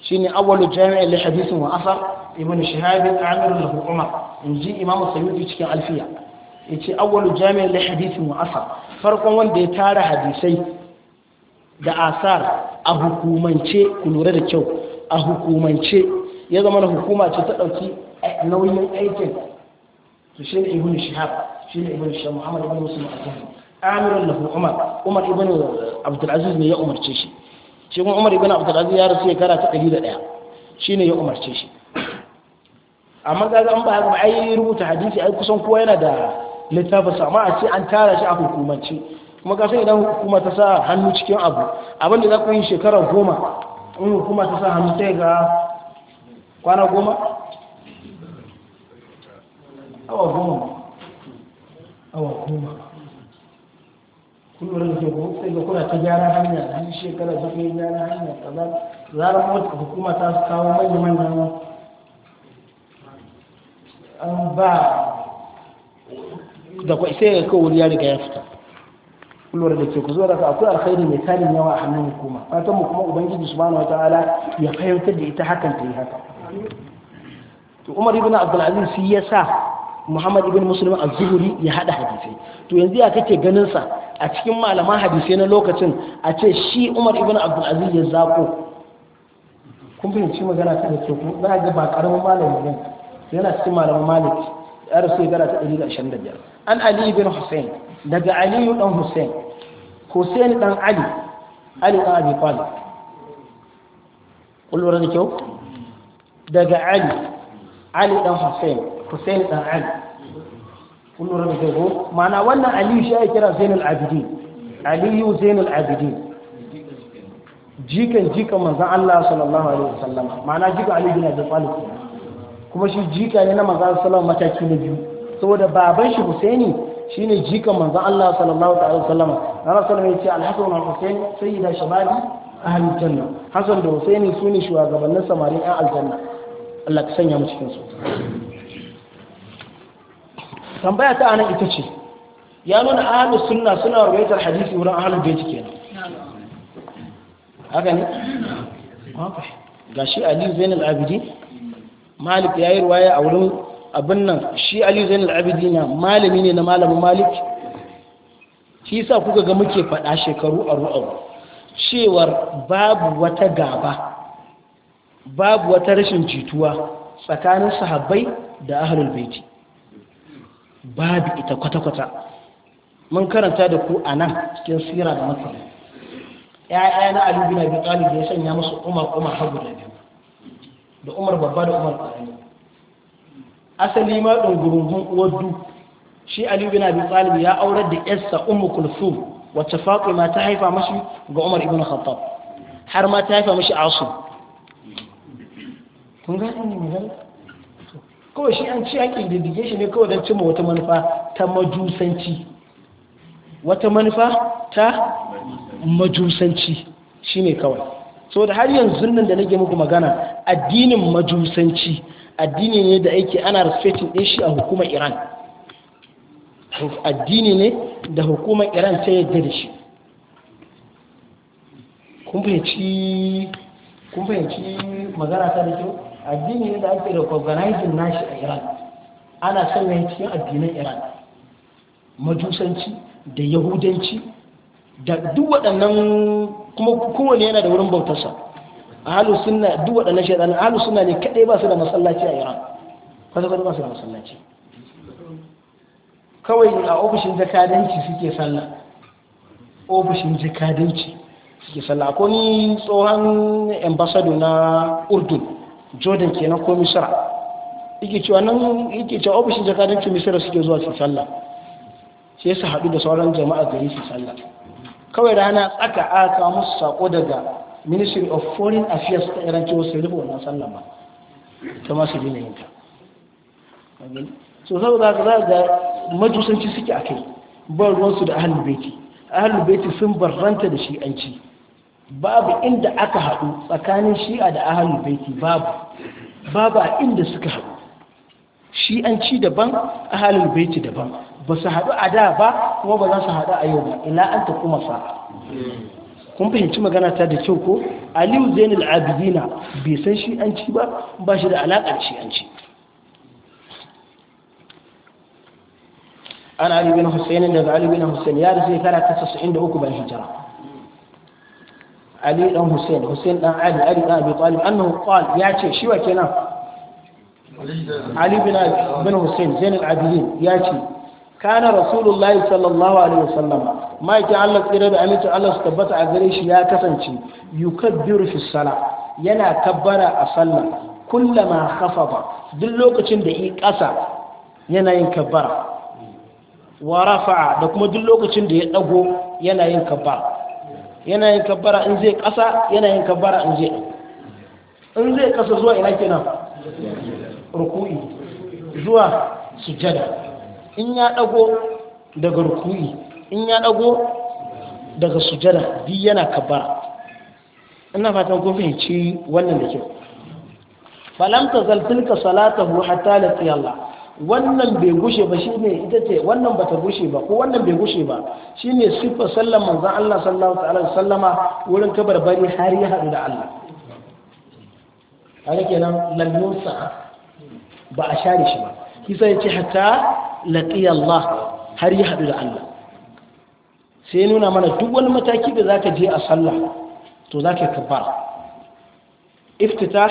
shi ne awwalu jami'i li hadisin wa asar ibn shihab amir lahu umar ji imam sayyidi cikin alfiya ya ce awwalu jami'i li hadisin wa asar farkon wanda ya tara hadisai da asar a hukumance ku lura da kyau a hukumance ya zama na hukuma ce ta dauki nauyin aikin to shine ibn shihab shi ne ibn shi muhammad ibn muslim amirun lahu umar umar ibn abdul aziz ne ya umarce shi shi kuma umar ibn abdul aziz ya rasu shekara ta ɗari ɗaya shi ne ya umarce shi amma kaga an ba haka ba ai rubuta hadisi ai kusan kowa yana da littafin sa amma a ce an tara shi a hukumance kuma ka san idan hukuma ta sa hannu cikin abu abin da za ku yi shekara goma in hukuma ta sa hannu sai ga kwana goma awa goma awa goma kullum da ke sai ga kuna ta gyara hanya da yi shekara da ke gyara hanya kaza zara wata hukuma ta su kawo manyan manyan an ba da kwa sai ga kawai ya riga ya fita kullum da ke ku zo da akwai alkhairi mai tarin yawa a hannun hukuma fatan mu kuma ubangiji subhanahu wataala ya fahimtar da ita hakan ta yi haka to umar ibn abdul aziz shi ya sa muhammad ibn muslim az-zuhri ya hada hadisi to yanzu ya kake ganin sa a cikin malaman hadisi na lokacin a ce shi umar ibn abdul aziz ya zako kun fahimci magana ta da ku za ga ba karamin malami ne yana cikin malamin malik ya rasu ya gara ta 125 an ali ibn hussein daga ali dan hussein hussein dan ali ali dan abi talib kullura da kyau daga ali ali dan hussein Hussein dan Ali kun lura da ko mana wannan Aliyu shi ya kira Zainul Abidin Aliyu Zainul Abidin jikan jikan manzan Allah sallallahu alaihi wasallam ma'ana jikan Ali bin Abi Talib kuma shi jika ne na manzan sallallahu mataki na biyu saboda baban shi Husaini ne jikan manzan Allah sallallahu alaihi wasallam Allah sallallahu alaihi wasallam al-Hasan wal Husain sayyida shababi ahlul janna Hassan da Husaini sune shugabannin samarin ahlul janna Allah ka sanya mu cikin su tambaya ta anan ita ce ya nuna ahlus sunna suna rawaitar hadisi wurin ahlul bait kenan haka ne gashi ali al abidi malik yayi ruwaya a wurin abin nan shi ali al abidi na malami ne na malamin malik shi sa kuka ga muke faɗa shekaru a aru cewar babu wata gaba babu wata rashin jituwa tsakanin sahabbai da ahlul baiti babu ita kwata-kwata mun karanta da ku a nan cikin sira da masar ya'ya na ali bin abi da ya sanya musu umar umar hagu da biyu da umar babba da umar ƙarami asali ma ɗin uwar du shi ali bin abi talib ya aurar da yarsa umar kulsum wacce ma ta haifa mashi ga umar ibn khattab har ma ta haifa mashi asu kun ga ne magana kawai shi an ci an ƙididdige shi ne kawai don cimma wata manufa ta majusanci wata manufa ta majusanci shi ne kawai so da har yanzu nan da nake muku magana addinin majusanci addini ne da ake ana respecting ɗin shi a hukumar iran addini ne da hukumar iran ta yadda da shi kun fahimci magana ta da kyau addini ne da ake recognizing nashi a iran ana sanya cikin addinin iran majusanci da yahudanci da duk waɗannan kuma kowane yana da wurin bautarsa ahalu sunna duk waɗannan shaidanin ahalu sunna ne kaɗai ba su da masallaci a iran kwata kwata ba su da masallaci kawai a ofishin jakadanci suke sallah ofishin jakadanci suke sallah akwai tsohon ambasado na urdun jordan kenan ko misra yake cewa nan yake cewa ofishin jakadancin misra suke zuwa su sallah sai su haɗu da sauran jama'a gari su sallah kawai rana tsaka aka kawo musu sako daga ministry of foreign affairs ta iran cewa su rufe wannan sallah ba ta masu dina yinta so za ka za ga majusanci suke a kai ba ruwansu da ahalul baiti sun barranta da shi'anci babu inda aka haɗu tsakanin shi'a da ahalul baiti babu babu a inda suka haɗu shi'anci daban ahalul baiti daban ba su haɗu a da ba kuma ba za su haɗu a yau ba ila an ta kuma sa kun fahimci magana ta da kyau ko aliyu zainul abidina bai san shi'anci ba ba shi da alaƙar shi'anci ana ali bin husaini daga ali bin husaini ya rasu shekara ta 93 ban hijira ali dan hussein hussein dan ali ali dan abi talib annahu ya ce shi wa kenan ali bin hussein zainul abidin ya ce kana rasulullahi sallallahu alaihi wasallam ma yake Allah tsira da aminci Allah su tabbata a gare shi ya kasance yukabbiru fi yana kabbara a sallah kullama khafada duk lokacin da yi kasa yana yin kabbara da kuma duk lokacin da ya ɗago yana yin kabbara yana yin kabbara in zai ƙasa yana yin kabbara in zai in zai ƙasa zuwa ina kenan ruku'i zuwa sujada in ya dago daga ruku'i in ya dago daga sujada bi yana kabbara ina fatan kun fahimci wannan da kyau falam ta zaltilka salatahu hatta lafiya Allah wannan bai gushe ba shine ita ce wannan ba ta gushe ba ko wannan bai gushe ba ne siffa sallar manzon Allah sallallahu alaihi wasallama wurin kabarbari har ya hadu da Allah haka kenan lallun sa ba a share shi ba kisa ce hatta laqiya Allah har ya hadu da Allah sai nuna mana duk wani mataki da zaka je a sallah to zaka kabbara iftitah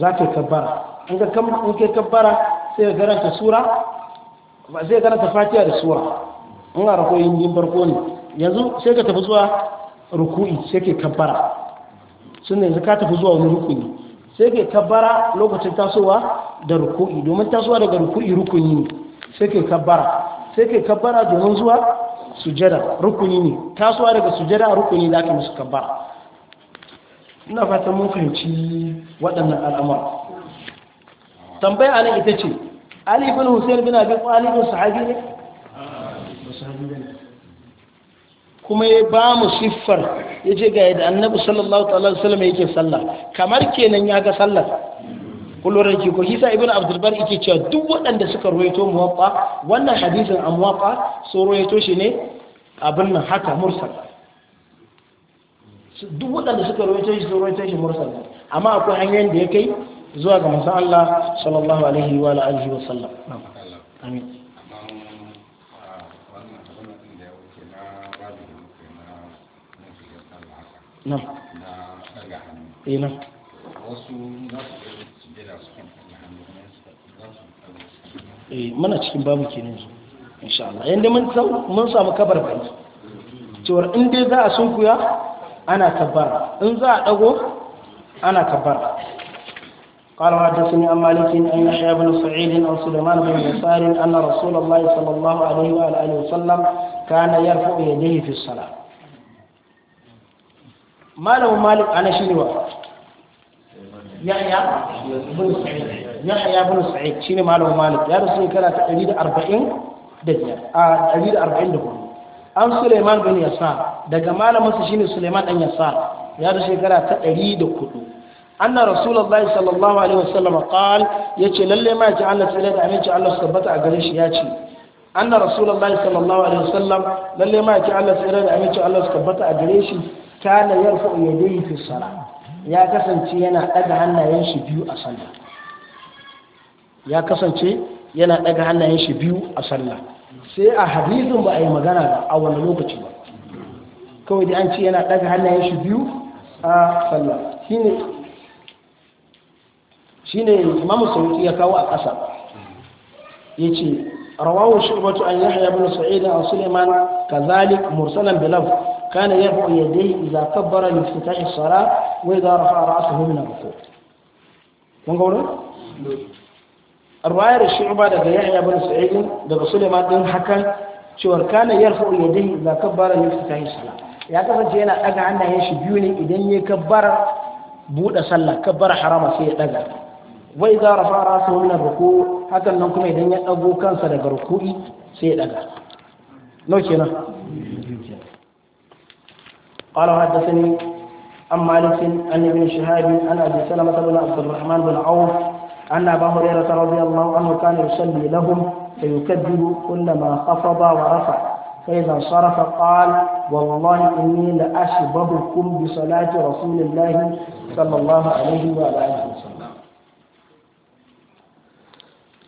zaka kabbara in ka kabbara sai ya garanta sura ba zai garanta fatiha da sura in a rakoyin yin barko ne yanzu sai ka tafi zuwa rukui sai ke kabbara sun yanzu ka tafi zuwa wani rukuni sai ke kabbara lokacin tasowa da rukui domin tasowa daga rukui rukuni ne sai ke kabbara sai ke kabbara domin zuwa sujada rukuni ne tasowa daga sujada rukuni za ka musu kabbara ina fatan mun fahimci waɗannan al'amura tambaya nan ita ce ali bin husayn bin abi talib sahabi ne kuma ya ba mu siffar ya ce ga yadda annabi sallallahu alaihi wasallam yake sallah kamar kenan ya ga sallah kullum ke ko isa ibn abdulbar yake cewa duk waɗanda suka ruwaito muwaffa wannan hadisin an muwaffa so ruwaito shi ne abin nan haka mursal duk waɗanda suka ruwaito shi so ruwaito shi mursal amma akwai hanyoyin da ya kai zuwa ga manzon Allah sallallahu alaihi wa alihi wa sallam amin nan eh, na wasu eh, mana cikin babu kenan su insha Allah yanda mun mun samu kabar bai cewar in dai za a sunkuya ana tabbara in za a dago ana tabbara قال حدثني عن مالك أن يحيى بن سعيد أو سليمان بن يسار أن رسول الله صلى الله عليه وآله وسلم كان يرفع يديه في الصلاة ما له مالك أنا شنو يحيى بن سعيد يحيى بن سعيد شنو ما له مالك يا رسول كان تقريبا 40 دجال آه 40 دجال an Suleiman bin Yasar daga malamin su shine Suleiman dan Yasar ya da shekara ta 104 anna rasulullahi sallallahu alaihi wasallam qal yace lalle ma ji Allah tsare da aminci Allah su tabbata a gare shi yace anna rasulullahi sallallahu alaihi wasallam lalle ma ji Allah tsare da aminci Allah su tabbata shi ya kasance yana daga hannayen biyu a sallah sai a hadisin ba a yi magana ba a wani lokaci ba kawai da an ce yana daga hannayen shi biyu a sallah shine imamu sauki ya kawo a ƙasa ce rawahu shubatu an yahya ibn sa'id an Suleiman kazalik mursalan bilaf kana yarfa yadayhi idza kabbara li iftitahi as-salah wa idza rafa'a ra'sahu min ra'a su kun ga wannan ruwayar shuba daga yahya ibn sa'id daga Suleiman din hakan cewar kana yarfa za ka bara ne su as-salah ya kasance yana daga hannayen shi biyu ne idan ya kabbar buɗe sallah kabbar harama sai ya daga wai za rafa rasu wannan ruku hakan nan kuma idan ya ɗago kansa daga ruku'i sai ya ɗaga nau ke nan ƙwallon haddasa ne an malikin annabin shahabi ana bin salama ta bula abdulrahman bin awu an na ba mu rera ta rabu yamma an hukar ne shalli lahun ta yi kaddu kulla ma kafa ba wa rafa sai zan sarrafa ƙwal wallahi in yi la'ashi babu kun bi salati rasulillahi sallallahu alaihi wa alaihi wa sallam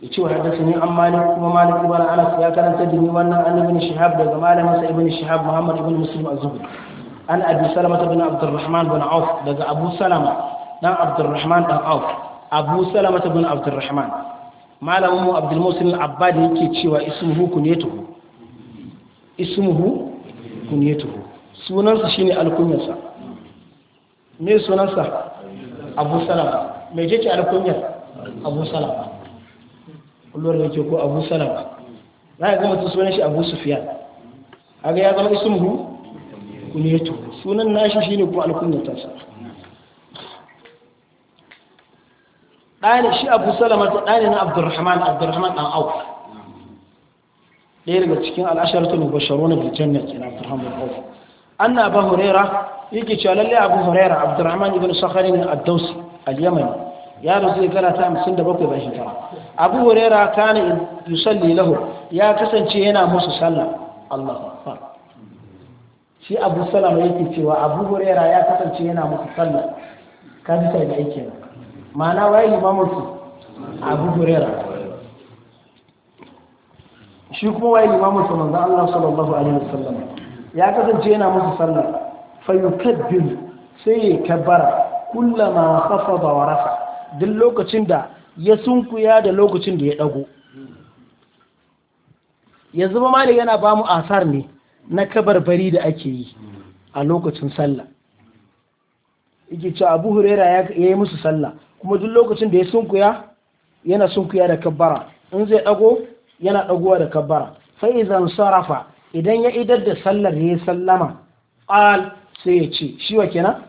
yace wa hadathani an malik kuma malik ibn anas ya karanta da ni wannan an ibn shihab daga malamin sa ibn shihab muhammad ibn muslim az-zuhri an abi salama ibn abdurrahman ibn auf daga abu salama dan abdurrahman dan auf abu salama ibn abdurrahman malamin mu abdul muslim al-abbad yake cewa ismuhu kunyatuhu ismuhu kunyatuhu sunansa shine alkunyarsa me sunansa abu salama me yake alkunyar abu salama kullum da ke ko abu salama za a gama sunan shi abu sufiyan aga ya zama hu kuniyatu sunan nashi shine kuma alkunyata sa ɗani shi abu salama ta ɗani na abdurrahman abdurrahman ɗan auf ɗaya daga cikin al'asharatu mubasharu na biljanna ke na abdurrahman auf an na abu huraira yake cewa lallai abu huraira abdurrahman ibn sakharin al dawsi al-yamani yaro zai shekara ta hamsin da bakwai bayan shekara abu huraira kana yusalli lahu ya kasance yana musu sallah Allah akbar shi abu salama yake cewa abu ya kasance yana musu sallah ka ji sai da yake ma'ana waye limamin su abu shi kuma waye manzo Allah sallallahu alaihi wasallam ya kasance yana musu sallah fa yukabbiru sai ya kabbara kullama khafada wa rafa duk lokacin da ya sunkuya da lokacin da ya dago yanzu ba mali yana ba mu asar ne na kabarbari da ake yi a lokacin sallah yake ce abu hurera ya yi musu sallah kuma duk lokacin da ya sunkuya yana sunkuya da kabbara in zai dago yana dagowa da kabbara sai zan sarrafa idan ya idar da sallar ya sallama al, sai ya ce shi wa kenan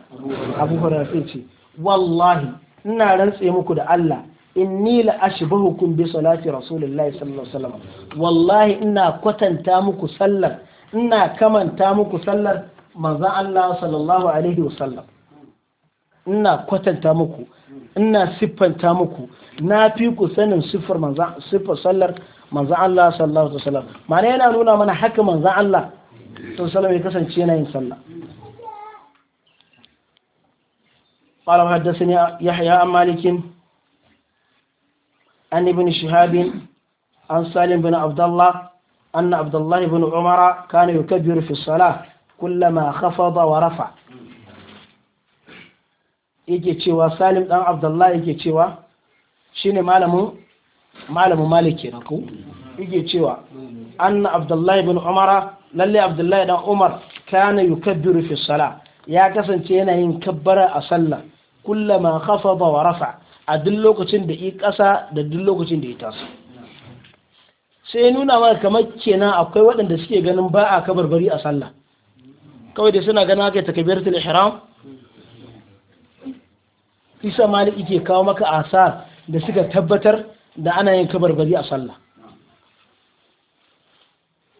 abu hurera sai ce wallahi ina rantse muku da Allah in ni la ashbahukum bi salati rasulillahi sallallahu alaihi wasallam wallahi ina kwatanta muku sallar ina kamanta muku sallar manzo Allah sallallahu alaihi wasallam ina kwatanta muku ina siffanta muku na fi ku sanin siffar manzo siffar sallar manzo Allah sallallahu alaihi wasallam ma'ana yana nuna mana haka manzo Allah sallallahu alaihi wasallam ya kasance yana yin sallah قال وحدثني يحيى عن مالك عن ابن شهاب عن سالم بن عبد الله أن عبد الله بن عمر كان يكبر في الصلاة كلما خفض ورفع yake cewa salim dan abdullahi yake cewa shine malamin malamin malik kenan ko yake cewa anna abdullahi umara lalle abdullahi dan umar kana yukabbiru fi ya kasance yana yin kabbara a sallah kullama khafada wa rafa a duk lokacin da yi ƙasa da duk lokacin da ya tasa. sai nuna ma kamar kenan akwai waɗanda suke ganin ba a kabarbari a sallah kawai da suna ganin haka takbiratul ihram isa malik ke kawo maka asar da suka tabbatar da ana yin kabarbari a sallah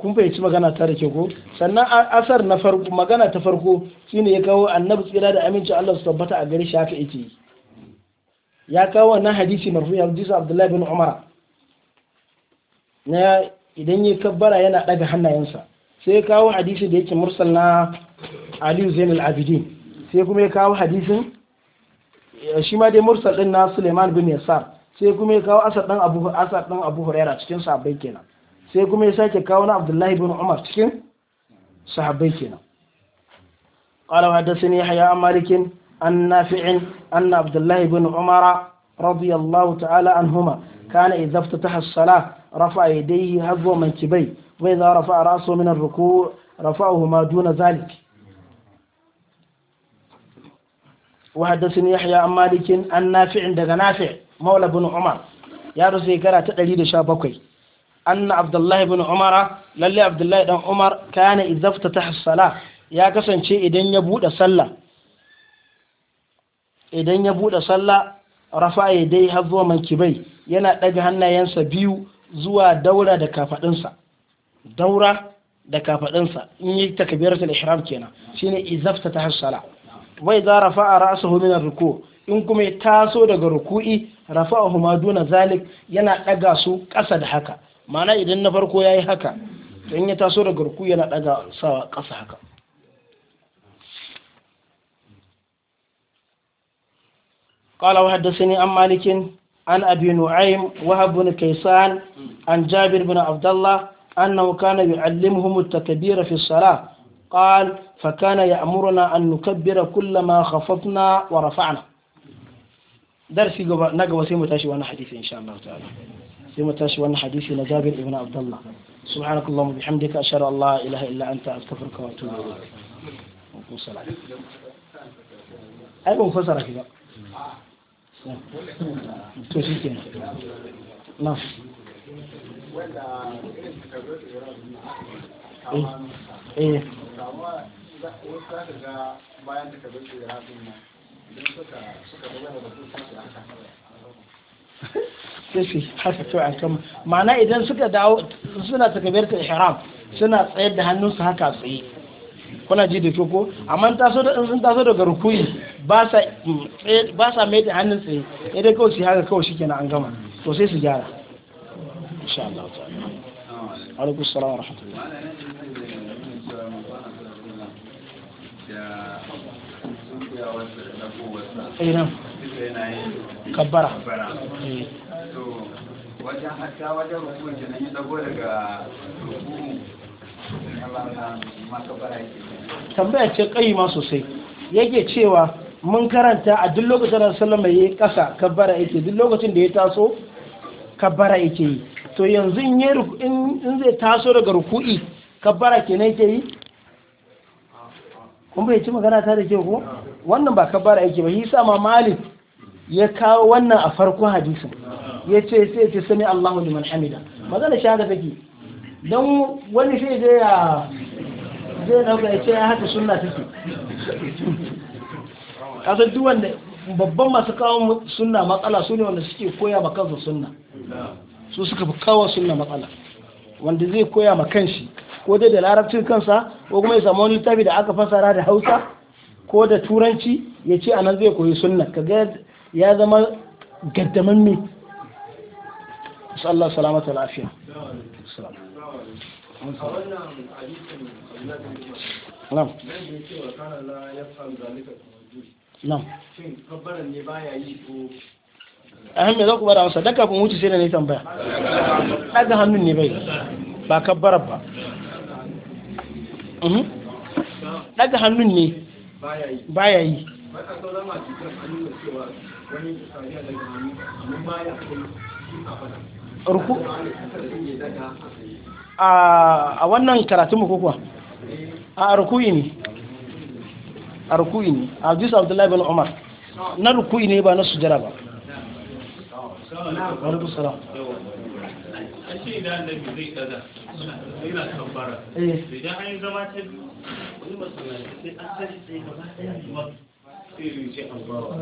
kun fahimci magana ta da ke ko sannan asar na farko magana ta farko shine ya kawo annabi tsira da amincin Allah su tabbata a gare shi haka yake ya kawo wannan hadisi marfu ya hadisi Abdullahi bin Umar na idan ya kabbara yana daga hannayensa sai ya kawo hadisi da yake mursal na Ali Zainul Abidin sai kuma ya kawo hadisin shi ma dai mursal din na Suleiman bin Yasar sai kuma ya kawo asar dan Abu asar dan Abu Hurairah cikin sahabbai kenan sai kuma ya sake kawo na abdullahi bin umar cikin sahabbai kenan قال وحدثني يحيى عن مالك عن نافع أن عبد الله بن عمر رضي الله تعالى عنهما كان إذا افتتح الصلاة رفع يديه هزو منكبيه وإذا رفع رأسه من الركوع رفعهما دون ذلك وحدثني يحيى عن مالك عن نافع دغ نافع مولى بن عمر يا رسول كرا تدري شابكوي anna abdullahi bin Umar, lallai abdullahi dan umar kayana izafta ta sala ya kasance idan ya buɗe sallah idan ya buɗe sallah dai har zuwa mankibai yana ɗaga hannayensa biyu zuwa daura da kafaɗinsa daura da kafaɗinsa in yi takbiratul ihram kenan shine izafta ta sala wai za rafa'a ra'sahu min ruku in kuma ya taso daga ruku'i rafa'ahu ma duna yana ɗaga su ƙasa da haka mana idan na farko ya yi haka in ya taso da garku yana daga sawa ƙasa haka kala wahadda sani an malikin an abi nu'aim wahab bin kaysan an jabir bin abdullah annahu kana yu'allimuhum at-takbir fi as-salah قال فكان يأمرنا أن نكبر كل ما خفضنا ورفعنا درسي نقوى سيمو تاشي وانا حديث إن شاء الله تعالى ثم تاشي وانا حديثي نجابر ابن عبد الله سبحانك اللهم وبحمدك اشهد ان لا اله الا انت استغفرك واتوب اليك اي أيوة، مفسر كده نعم إيه، إيه. sai su haka kawai a ma'ana idan suka dawo suna takabirta ihram suna tsayar da hannunsu haka tsaye kuna ji da ko amma taso da sun taso daga rukuni ba sa mm, ba mai da hannun tsaye idan kawai su haka kawai shikenan an gama to sai su gyara insha Allah ta'ala alaikum assalam irin kabbara eh. tambaya ce kai ma sosai yake cewa mun karanta a duk lokacin da sallama ya yi ƙasa kabbara yake duk lokacin da ya taso kabbara yake yi to yanzu in zai taso daga ruku'i kabbara kenan yake yi kun bai ci magana ta da ke ko wannan ba kabbar aiki ba shi sa ma malik ya kawo wannan a farkon hadisi ya ce sai ce sami Allahu liman hamida magana shi haka take don wani shi zai ya zai dauka ya ce haka sunna take kasar duk wanda babban masu kawo sunna matsala su ne wanda suke koya ma kansa sunna su suka kawo sunna matsala wanda zai koya ma kanshi ko dai da larabcin kansa ko kuma ya samu littafi da aka fasara da hausa ko da turanci ya ce anan zai koyi sunna kaga ya zama gaddamanmi Allah salamata lafiya Nam. Nam. Shin kabbaran ne baya yi ko ahan me za ku bada masa daga kun wuce sai da ne tambaya daga hannun ne bai ba kabbarar ba Mhm. daga hannun ne ya yi a wannan karatun mu eh. a rukuyi ne a rukuyi ne a jisa abdullahi bin umar na rukuyi ne ba na sujara ba wani kusura ce da annabi zai daga yana tambara idan an yi zama ta biyu wani masallaci sai an tashi sai gaba ɗaya kuma sai yi ce albawa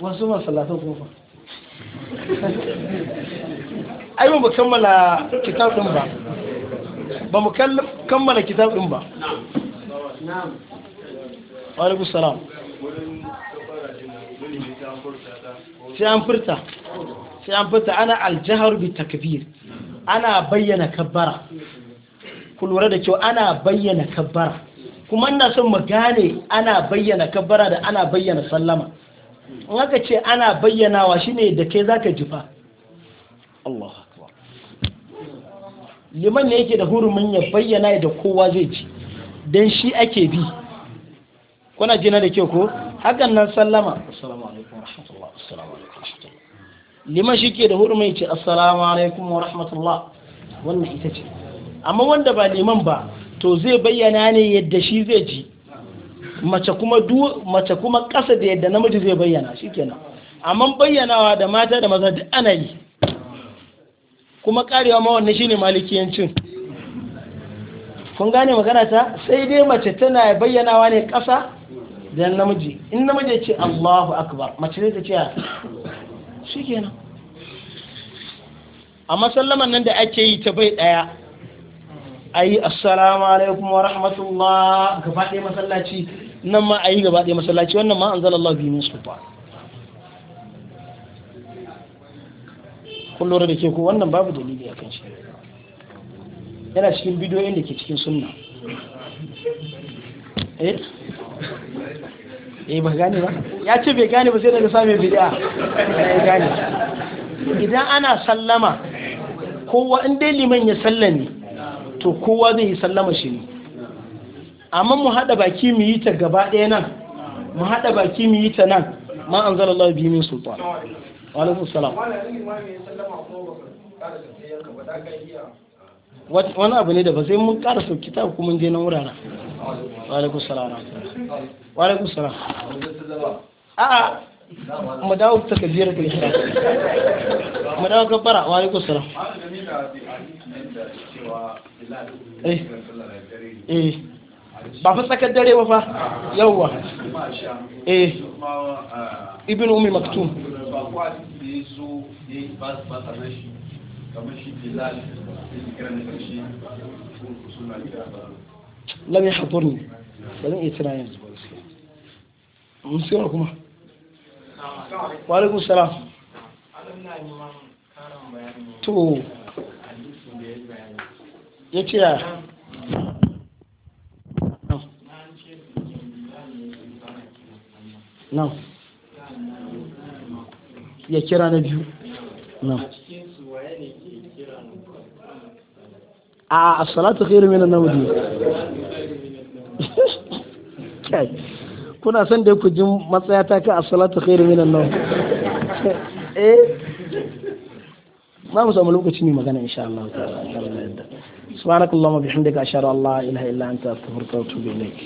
wasu masallatan kuma fa ai ba mu kammala kitab din ba ba mu kammala kitab din ba na'am wa alaikum salam sai an furta sai an furta ana aljahar bi takbir ana bayyana kabbara ku lura da cewa ana bayyana kabbara kuma ina son mu gane ana bayyana kabbara da ana bayyana sallama in aka ce ana bayyanawa shine da kai zaka jifa Allahu akbar liman ne yake da hurumin ya bayyana da kowa zai ji dan shi ake bi kuna jina da kyau ko hakan nan sallama assalamu alaikum warahmatullahi liman shi ke da hurmai ce assalamu alaikum wa rahmatullah wannan ita ce amma wanda ba liman ba to zai bayyana ne yadda shi zai ji mace kuma kasa mace kuma ƙasa da yadda namiji zai bayyana shi nan. amma bayyanawa da mata da maza duk ana yi kuma karewa ma wannan shine malikiyancin kun gane magana ta sai dai mace tana bayyanawa ne ƙasa da namiji in namiji ce Allahu akbar mace ne ta ce shikenan a sallaman nan da ake yi ta bai daya ayi assalamu alaikum wa rahmatullah gaba ɗaya masallaci nan ma ayi gaba ɗaya masallaci wannan ma an anzalallahu bi min sulfa kun lura da ke ko wannan babu dalili a kan shi yana cikin bidiyoyin da ke cikin sunna eh eh ba gane ba ya ce bai gane ba sai daga sami bid'a ya gane idan ana sallama kowa in dai liman ya sallame to kowa zai yi sallama shi ne amma mu hada baki mu yi ta gaba ɗaya nan mu hada baki mu yi ta nan ma an zala Allah biyu min sultan alaikum salam wani abu ne da ba sai mun ƙara sauki ta kuma je nan wuraren walaikun salam walaikun salama a'a mu dawo ta kajiyar ta shi mu dawo gabbara walaikun salam eh. eh. ba fa tsakar dare ba fa ah. yawwa eh ah, ibn ummi maktum ba kwa ba ba sanan lam ya haƙurni iya tuna yanzu ba gaskiya mun kuma wa alaikum salam to ya ce ya nan ya kira na biyu nan a salatu khairu minan namdi kuna son da ku ji matsaya ta ka as-salatu khairu minan nawm eh ma mu samu lokaci ne magana insha Allah ta'ala subhanakallahumma bihamdika ashhadu an